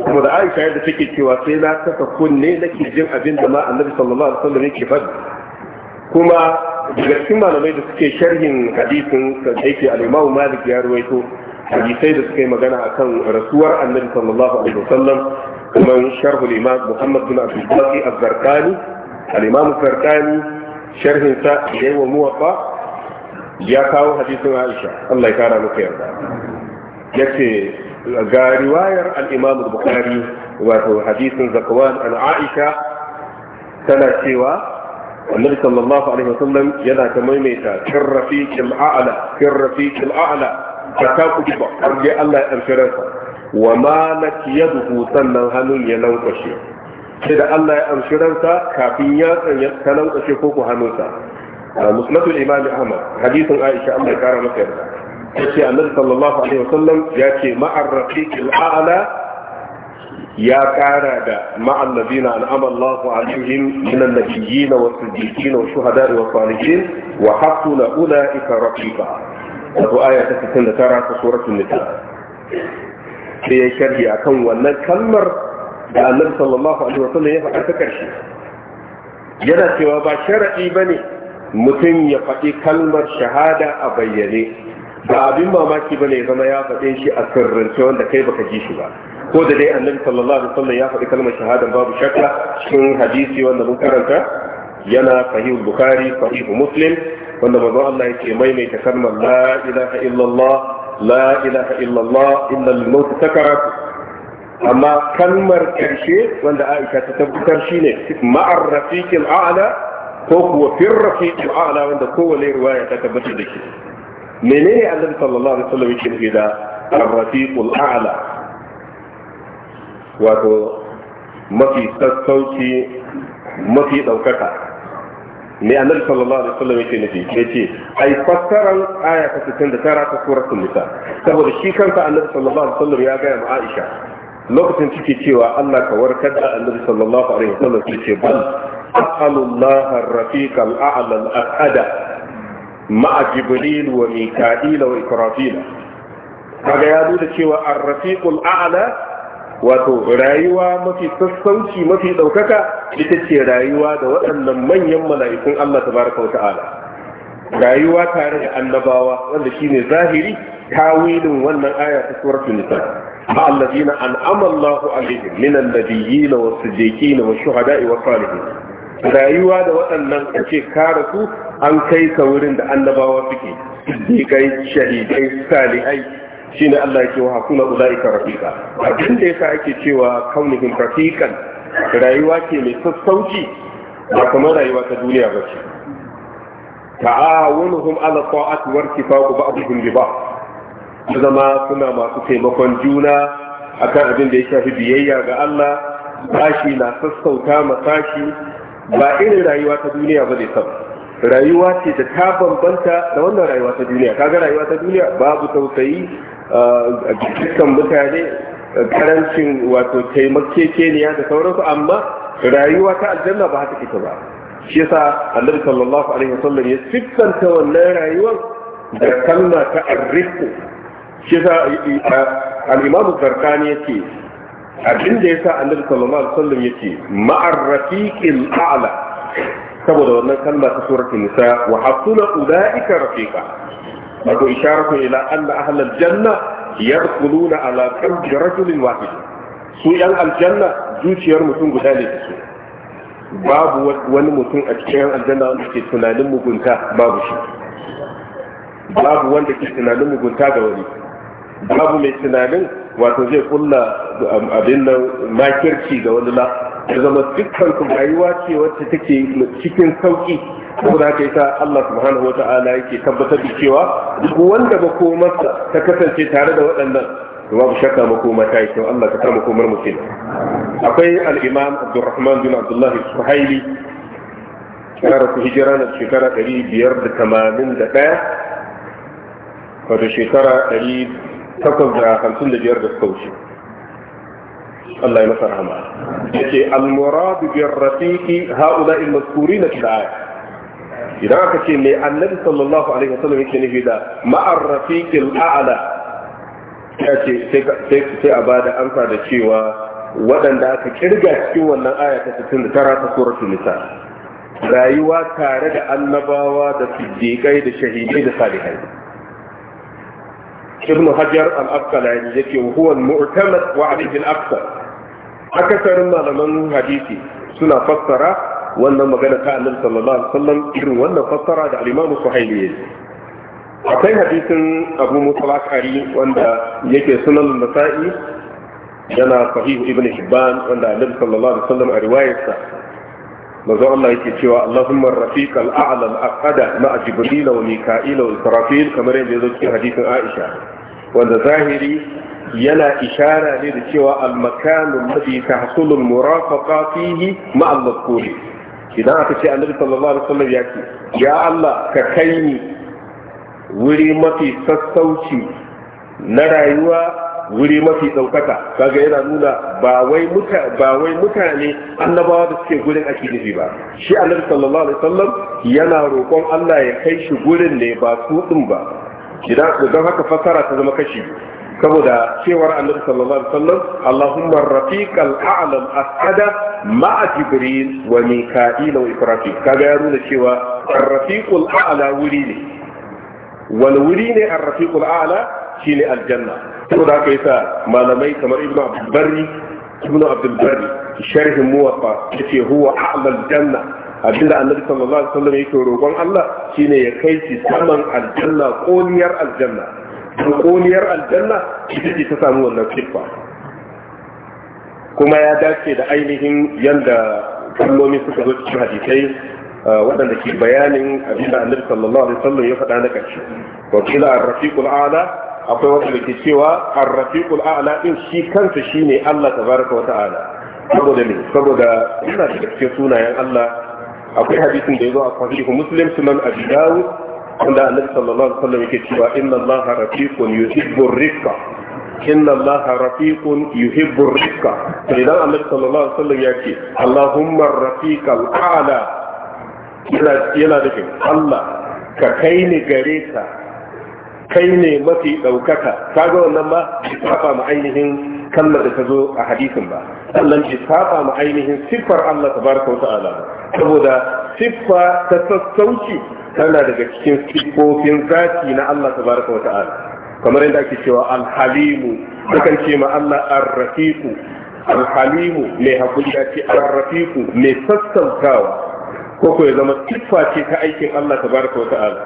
kuma da aisha yadda take cewa sai na kasa kunne nake jin abin da ma annabi sallallahu alaihi wasallam yake faɗi kuma daga cikin malamai da suke sharhin hadisin kan aiki al-imamu malik ya ruwaito hadisai da suka yi magana kan rasuwar annabi sallallahu alaihi wasallam kuma sharhul imam muhammad bin abdul baqi az-zarqani al-imam zarqani sharhin sa yayi wa muwaffa ya kawo hadisin aisha Allah ya kara maka yarda yace ga riwayar al-imam al-bukhari wato hadisin zakwan an aisha tana cewa annabi sallallahu alaihi wasallam yana ta maimaita fir rafiqil a'la fir rafiqil a'la ta ku ba je Allah ya amshi ransa wa ma nakiyaduhu sannan hannun ya lankwashe sai da Allah ya amshi ransa kafin ya tsanya ta lankwashe ko ku hannunsa musnadul imam ahmad hadisin aisha Allah ya kara masa yarda yace annabi sallallahu alaihi wasallam ma'ar ya ƙara da na ma'allabina an'ama Allahu alaihim na annabiyyin wa siddiqin wa shuhada wa salihin wa hasuna ulaika rafiqa wato aya ta 69 ta suratul nisa sai ya sharhi akan wannan kalmar da Annabi sallallahu alaihi wa sallam ya faɗa ta karshe yana cewa ba ba ne. mutum ya faɗi kalmar shahada a bayyane ba abin mamaki ba ya zama ya faɗe shi a sirrance wanda kai baka ji shi ba ko da dai annabi sallallahu alaihi wasallam ya faɗi kalmar shahada babu shakka cikin hadisi wanda mun karanta yana sahih bukhari sahih muslim wanda manzo Allah yake maimaita kalmar la ilaha illallah la ilaha illallah illa al-maut sakarat amma kalmar karshe wanda Aisha ta tabbatar shine ma'ar rafiqil a'la ko kuwa fir rafiqil a'la wanda kowane riwaya ta tabbatar da shi menene annabi sallallahu alaihi wasallam yake nufi da ar-rafiqul a'la wato mafi sassauci mafi ɗaukaka ne annabi sallallahu alaihi wasallam yake nufi ce? ai fassaran aya ta 69 ta suratul nisa saboda shi kanka annabi sallallahu alaihi wasallam ya ga ma Aisha lokacin cike cewa Allah ka warkar da annabi sallallahu alaihi wasallam yake bal as'alullaha ar-rafiqa al-a'la al-asada ma'a jibril wa mika'ila wa ikrafila kaga ya nuna cewa ar-rafiqul a'la wato rayuwa mafi sassauci mafi ɗaukaka ita ce rayuwa da waɗannan manyan mala'ikun Allah tabaraka wa ta'ala rayuwa tare da annabawa wanda shine zahiri tawilin wannan aya ta suratul nisa الذين أنعم الله عليهم من النبيين والصديقين والشهداء والصالحين rayuwa da waɗannan a ce kare su an kai ka wurin da annabawa suke siddiƙai shahidai salihai shine Allah ya ce wa hakuna ulaika rafiqa abin da yasa ake cewa kaunihim rafiqan rayuwa ke mai sassauci ba kamar rayuwa ta duniya ba ce ta'awunuhum ala ta'ati wa irtifaqu ba'dihim ba. ba'd zama suna masu taimakon juna akan abin da ya shafi biyayya ga Allah bashi na sassauta masashi ba irin rayuwa ta duniya ba ne sabu rayuwa ce da ta bambanta da wannan rayuwa ta duniya kaga rayuwa ta duniya babu tausayi eh, a dukkan mutane eh, karancin wato taimakekeniya da sauransu amma rayuwa ta aljanna ba haka ita ba shi yasa annabi sallallahu alaihi wasallam ya siffanta wannan rayuwar da kalma ta arrifu shi yasa eh, al-imamu zarkani yake abin da yasa annabi sallallahu alaihi wasallam yake ma'arrafiqil a'la saboda wannan kalma ta suratul nisa wa hasuna ulaika rafiqa wato isharatu ila anna ahlal janna yadkhuluna ala qalbi rajulin wahid su yan aljanna zuciyar mutum guda ne su babu wani mutum a cikin aljanna wanda ke tunanin mugunta babu shi babu wanda ke tunanin mugunta ga wani babu mai tunanin wato zai kulla um, abin nan makirci ga wani la ya zama dukkan ku rayuwa ce wacce take cikin sauki saboda haka yasa Allah subhanahu wata'ala yake tabbatar da cewa duk wanda ba komarsa ta kasance tare da waɗannan to babu shakka makoma ta yi kyau Allah ka kama komar mutum akwai al-imam Abdurrahman bin Abdullah Suhaili shekara ku hijira na shekara ɗari biyar da da tamanin ɗaya wato shekara ɗari takwas da da hamsin biyar da suka wuce Allah ya masa rahama yace idan aka ce mai annabi sallallahu alaihi wasallam yake nufi da ma'ar rafiqil a'la yace sai sai a bada amsa da cewa waɗanda aka ƙirga cikin wannan aya ta ta rayuwa tare da annabawa da siddiqai da shahidai da salihai ابن حجر الأبقلاني يكي وهو المعتمد وعليه الأكثر akasarin malaman hadisi suna fassara wannan magana ta annabi sallallahu alaihi wasallam irin wannan fassara da al-imam suhaili akwai hadisin abu musa wanda yake sunan nasa'i yana sahih ibn hibban wanda annabi sallallahu alaihi wasallam a riwayarsa manzo Allah yake cewa Allahumma rafiq al-a'la al-aqada ma'a jibril wa mika'il wa israfil kamar yadda yake cikin hadisin Aisha wanda zahiri yana ishara ne da cewa al mafi ta tahsulu murafaka murafaqa fihi ma kore. idan aka ce annabi sallallahu alaihi wasallam ya ce ya Allah ka kai ni wuri mafi sassauci na rayuwa wuri mafi ɗaukaka kaga yana nuna ba wai muta ba wai mutane annabawa da suke gurin ake nufi ba shi annabi sallallahu alaihi wasallam yana roƙon Allah ya kai shi gurin ne ba su ba idan don haka fasara ta zama kashi saboda cewar annabi sallallahu alaihi wasallam Allahumma rafiqal a'la al-asada ma'a jibril wa mika'il wa ibrahim kaga ya nuna cewa ar-rafiqul a'la wuri ne wal wuri ne ar-rafiqul a'la shine aljanna saboda haka yasa malamai kamar ibnu abdul barri ibnu abdul barri sharhin muwaffa yace huwa a'la al-janna abinda annabi sallallahu alaihi wasallam yake roƙon Allah shine ya kai shi saman aljanna koliyar aljanna dukoniyar aljanna ita ce ta samu wannan siffa kuma ya dace da ainihin yadda kalmomi suka zo cikin hadisai uh, waɗanda ke bayanin abin da annabi sallallahu alaihi wasallam ya faɗa na ƙarshe wa kila ar-rafiqul a'la akwai wanda ke cewa ar-rafiqul a'la din shi kansa shine Allah tabaraka wa ta'ala saboda ne saboda ina da cikin sunayen Allah akwai hadisin da yazo a sahihu muslim sunan abi dawud wanda annabi sallallahu alaihi wasallam yake cewa inna allaha rafiqun yuhibbu rifqa inna allaha rafiqun yuhibbu rifqa to idan annabi sallallahu alaihi wasallam ya ce allahumma rafiqal ala yana da Allah ka kai ni gare ka kai ne mafi ɗaukaka kaga wannan ba bai saba ma ainihin kallar da ta zo a hadisin ba sannan bai saba ma ainihin siffar Allah tabaraka wa ta'ala ba saboda siffa ta sassauci tana daga cikin siffofin zafi na Allah tabaraka wa ta'ala kamar yadda ake cewa alhalimu sukan ce ma Allah arrafiku alhalimu mai hakuri ya ce arrafiku mai sassautawa ko ko ya zama siffa ce ta aikin Allah tabaraka wa ta'ala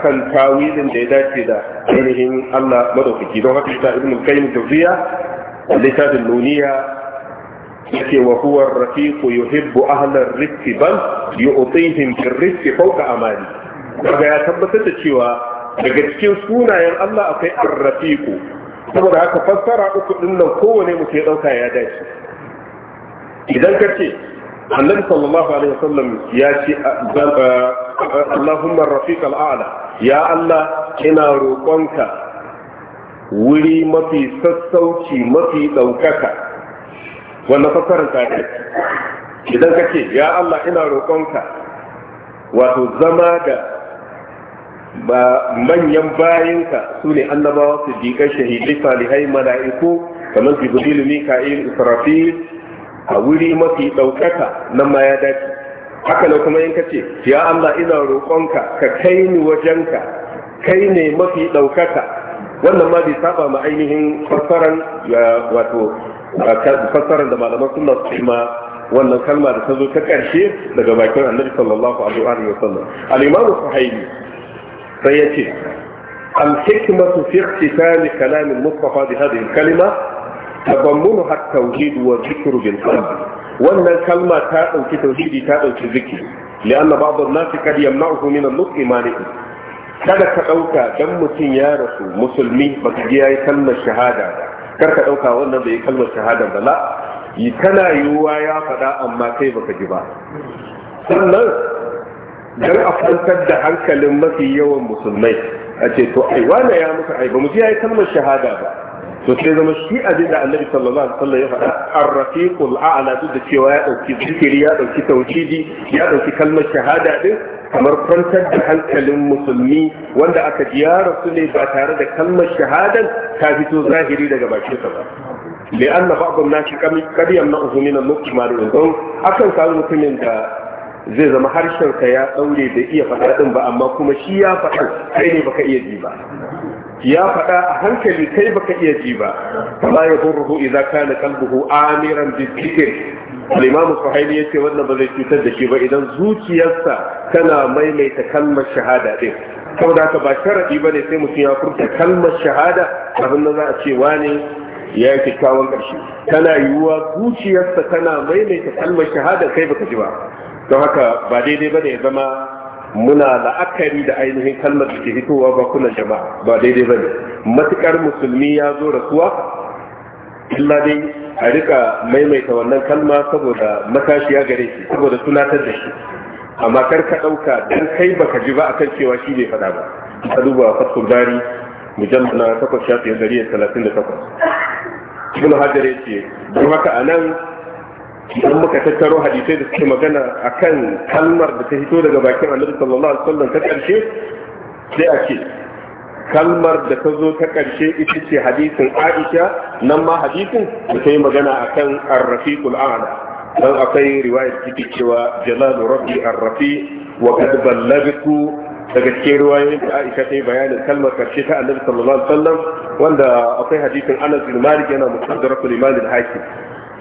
kan tawilin da ya dace da ainihin Allah madaukaki don haka ita ibn qayyim tawfiya littafin nuniya yake wa huwa rafiqu yuhibbu ahlar rizqi bal yu'tihim bir-rizqi fawqa amali kaga ya tabbatar da cewa daga cikin sunayen Allah akwai ar-rafiqu saboda haka fassara uku din nan kowane mutum ya dauka ya dace idan ka ce annabi sallallahu alaihi wasallam ya ce Allahumma ar-rafiq al-a'la ya Allah ina roƙonka wuri mafi sassauci mafi ɗaukaka wannan fassarar ta ce idan ka ce ya Allah ina roƙonka wato zama da ba manyan bayinka su ne annabawa su jiƙar shahidai salihai mala'iku kamar jibril mika'il israfil a wuri mafi ɗaukaka nan ma ya dace haka ne kuma yanka ce ya Allah ina roƙonka ka kai ni wajenka kai ne mafi ɗaukaka wannan ma bai saba ma ainihin fassaran wato fassarar da malaman sunna su ma wannan kalma da ta zo ta karshe daga bakin annabi sallallahu alaihi wa sallam al-imam suhaili sai ya ce al-hikmatu fi ikhtisali kalam al-mustafa bi hadhihi al-kalima تضمنها التوحيد والذكر بالقلب وان الكلمه تاء توحيدي تاء ذكر لأن بعض الناس قد يمنعه من النطق مالئه kada ka ɗauka dan mutum ya rasu musulmi ba ka ji ya sallar shahada kar ka ɗauka wannan bai kalmar shahada ba la yi kana yiwuwa ya faɗa amma kai baka ji ba sannan dan a kwantar da hankalin mafi yawan musulmai a ce to ai wane ya muka ai ba mu ji ya yi kalmar shahada ba to sai zama shi abin da annabi sallallahu alaihi wasallam ya faɗa ar-rafiqul a'la duk da cewa ya dauki zikiri ya ɗauki tauhidi ya ɗauki kalmar shahada din kamar kwantar da hankalin musulmi wanda aka jiyara su ne ba tare da kalmar shahadan ta fito zahiri daga bakin sa ba لأن بعض na قد يمنعه من ma مع don akan samu mutumin da zai zama harshen ka ya daure da iya faɗa ɗin ba amma kuma shi ya faɗa kai ne baka iya ji ba ya faɗa a hankali kai baka iya ji ba fala ya burruhu idza kana qalbuhu amiran bi dhikr al-imam suhaili yace wannan ba zai cutar da shi ba idan zuciyarsa tana maimaita kalmar shahada din saboda haka ba sharadi bane sai mutum ya furta kalmar shahada kafin nan za a ce wane ya yi kyakkyawan ƙarshe tana yiwuwa zuciyarsa tana maimaita kalmar shahada kai baka ji ba don haka ba daidai bane ya zama muna la'akari da ainihin kalmar da ke fitowa ba kuna jama'a ba daidai ba ne. matukar musulmi ya zo rasuwa illa dai a rika maimaita wannan kalma saboda matashiya gare shi saboda tunatar da shi amma kar ka dauka dan kai baka ji ba akan cewa shi bai faɗa ba ka duba fatul bari mujallal na takwas shafi 138 ibn hajar yace don haka anan idan muka tattaro hadisai da suke magana akan kalmar da ta hito daga bakin annabi sallallahu alaihi wasallam ta karshe sai a ce kalmar da ta zo ta ƙarshe ita ce hadisin Aisha nan ma hadisin da ta yi magana akan ar-rafiqul a'la dan akwai riwayar ciki cewa jalalu rabbi ar wa qad ballagtu daga cikin riwayoyin da Aisha ta yi bayanin kalmar karshe ta Annabi sallallahu alaihi wasallam wanda akwai hadisin Anas bin Malik yana mustadrak al-Imam al-Hakim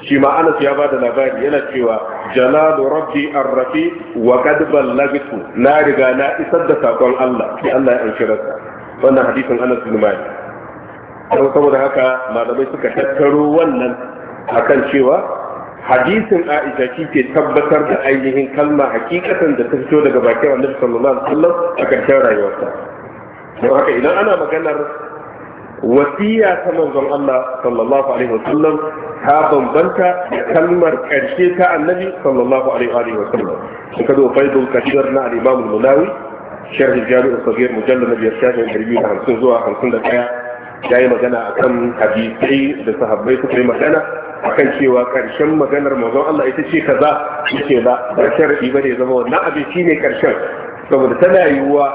shi ma anas ya bada labari yana cewa jalalu rabbi arrafi wa qad ballagtu na riga na isar da sakon Allah sai Allah ya anshi wannan hadisin anas bin malik saboda haka malamai suka tattaro wannan akan cewa hadisin Aisha shi ke tabbatar da ainihin kalma hakikatan da ta fito daga bakin Annabi sallallahu alaihi wasallam a karshen rayuwarsa don haka idan ana maganar wasiya ta manzon Allah sallallahu alaihi wasallam ta bambanta da kalmar karshe ta annabi sallallahu alaihi wasallam in ka zo faidul kashir na al-imam al-munawi sharh al-jami' al-saghir mujallad na biyar shafi ɗari da hamsin zuwa hamsin da ya yi magana akan hadisai da sahabbai suka yi magana akan cewa karshen maganar manzon Allah ita ce kaza yake ba ba shar'i ba ne zama wannan abin shine karshen saboda tana yiwuwa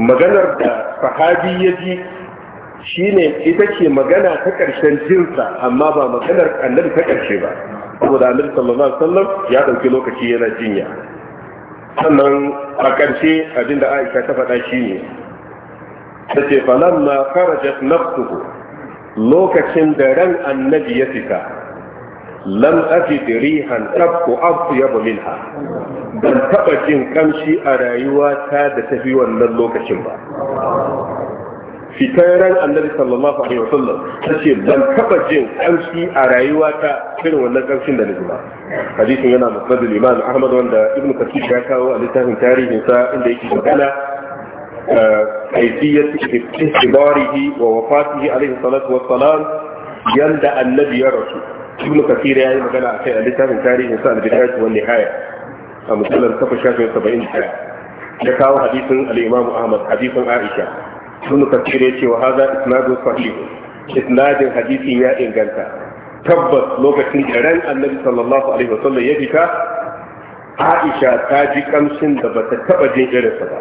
maganar da sahabi ya ji Shi ne ita ce magana ta ƙarshen jinsa amma ba maganar annabi ta ƙarshe ba saboda annabi sallallahu alaihi wasallam ya ɗauki lokaci yana jinya sannan a ƙarshe abinda Aisha ta faɗa shi ne. shine falan ma kharajat nafsuhu lokacin da ran annabi ya fita lam ajid rihan tabqu atyab minha ban taba jin kamshi a rayuwa ta da tafi wannan lokacin ba fitar ran annabi sallallahu alaihi wasallam ta ce ban taba jin kamshi a rayuwata irin wannan kamshin da nake ba hadisin yana musnadul imam ahmad wanda ibn kathir ya kawo a littafin tarihin sa inda yake magana kaifiyat istibarihi wa wafatihi alaihi salatu wassalam yanda annabi ya rasu ibn kathir ya yi magana a kai a littafin tarihin sa al-bidayah wa nihaya a musallar kafa shafin 71 ya kawo hadisin al-imam ahmad hadisin aisha ibn kafir yace wa hadha isnadu sahih isnadin hadisin ya inganta tabbas lokacin da ran annabi sallallahu alaihi wasallam ya fita Aisha ta ji kamshin da bata taba jin irinsa ba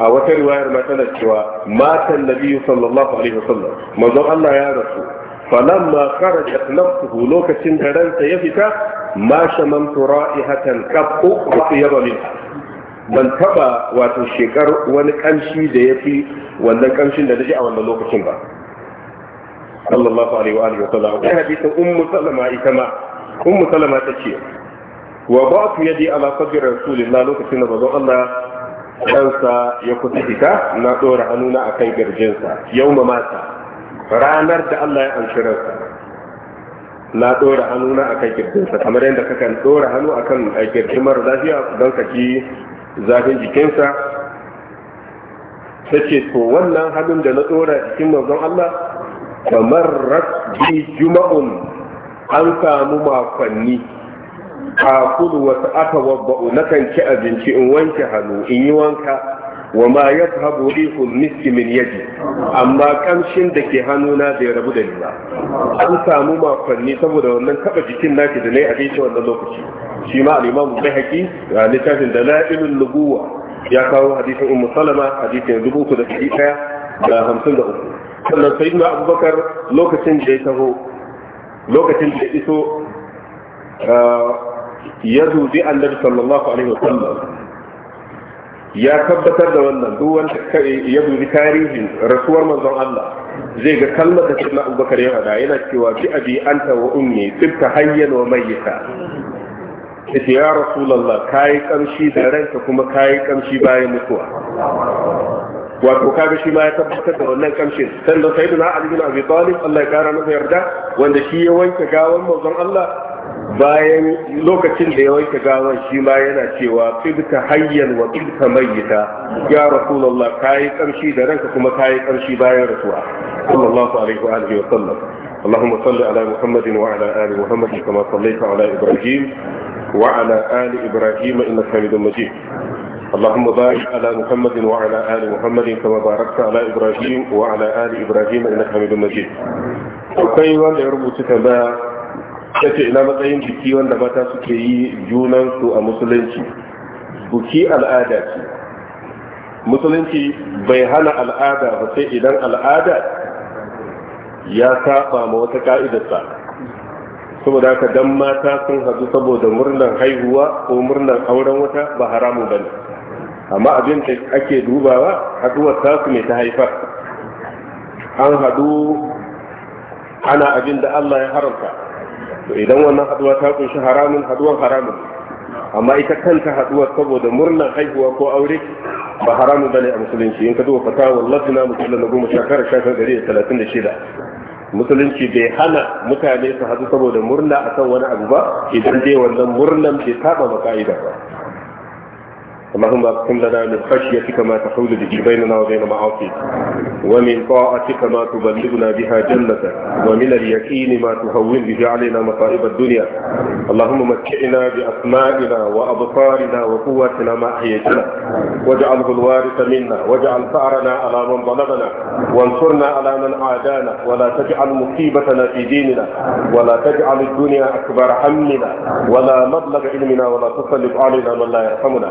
a wata riwayar ma tana cewa matan nabiyyu sallallahu alaihi wasallam manzon Allah ya rasu falamma kharajat nafsuhu lokacin da ransa ya fita ma shamamtu ra'ihatan qattu wa yaba minha ban taba wato shekar wani kamshi da yafi wannan kamshin da naji a wannan lokacin ba sallallahu alaihi wa alihi wa sallam akwai hadisin ummu salama ita ma ummu salama ta ce wa ku yadi ala sabir rasulillah lokacin da bazo Allah kansa ya kusa fita na dora hannuna akan garjinsa yauma mata ranar da Allah ya amshi ransa na dora hannuna a kan kirjinsa kamar yadda kakan dora hannu akan kan kirjin mara lafiya don ka ji zafin jikinsa ta ce to wannan hannun da na tsora cikin mazan Allah kamar rabbi juma'un an samu makonni a kudu wasu aka wabba'u na kan ci abinci in wanke hannu in yi wanka wa ma ya habu rihun miski min yaji amma kamshin da ke hannuna bai rabu da ni an samu makonni saboda wannan taba jikin naki da na yi a wannan lokaci shi ma al'imamu bai haƙi littafin da irin lubuwa. ya kawo hadisin ummu salama hadisin dubu ku da ɗari ɗaya da hamsin da uku sannan sai na abubakar lokacin da ya taho lokacin da ya iso ya zuzi annabi sallallahu alaihi wasallam ya tabbatar da wannan duk wanda ya dubi tarihin rasuwar manzon Allah zai ga kalmar da Sayyidina Abubakar ya faɗa yana cewa bi abi anta wa ummi tibta hayyan wa mayyita yace ya rasulullah kai kamshi da ranka kuma kai kamshi bayan mutuwa wato kaga shi ma ya tabbatar da wannan kamshin san da sayyidina ali bin abi talib Allah ya kara masa yarda wanda shi ya wanke gawan manzon Allah bayan lokacin da ya wanke gawan shi ma yana cewa fibta hayyan wa fibta mayyita ya rasulullah kai kamshi da ranka kuma kai kamshi bayan rasuwa sallallahu alaihi wa alihi wa sallam اللهم صل على محمد وعلى ال محمد كما صليت على ابراهيم وعلى آل إبراهيم إنك حميد مجيد اللهم بارك على محمد وعلى آل محمد كما باركت على إبراهيم وعلى آل إبراهيم إنك حميد مجيد akwai wanda ya rubuta tambaya ina matsayin biki wanda mata suke yi junansu a musulunci buki al'ada ce musulunci bai hana al'ada ba sai idan al'ada ya saba ma wata ƙa'idarsa saboda haka dan mata sun hadu saboda murnar haihuwa ko murnar auren wata ba haramun bane amma abin da ake dubawa haduwar tasu ne ta haifar an hadu ana abin da Allah ya haramta to idan wannan haduwa ta kunshi haramun haduwar haramun amma ita kanta haduwar saboda murnar haihuwa ko aure ba haramun bane a musulunci in ka duba fatawa lafina musulun na goma sha tara shafin da talatin da shida musulunci bai hana mutane su haɗu saboda murna akan wani abu ba idan dai wannan murnan bai saba ma ka'ida ba اللهم اقسم لنا من خشيتك ما تحول به بيننا وبين معاصيك ومن طاعتك ما تبلغنا بها جنتك ومن اليقين ما تهون به علينا مصائب الدنيا اللهم متعنا باسمائنا وابصارنا وقواتنا ما احييتنا واجعله الوارث منا واجعل ثارنا على من ظلمنا وانصرنا على من عادانا ولا تجعل مصيبتنا في ديننا ولا تجعل الدنيا اكبر همنا ولا مبلغ علمنا ولا تسلط علينا من لا يرحمنا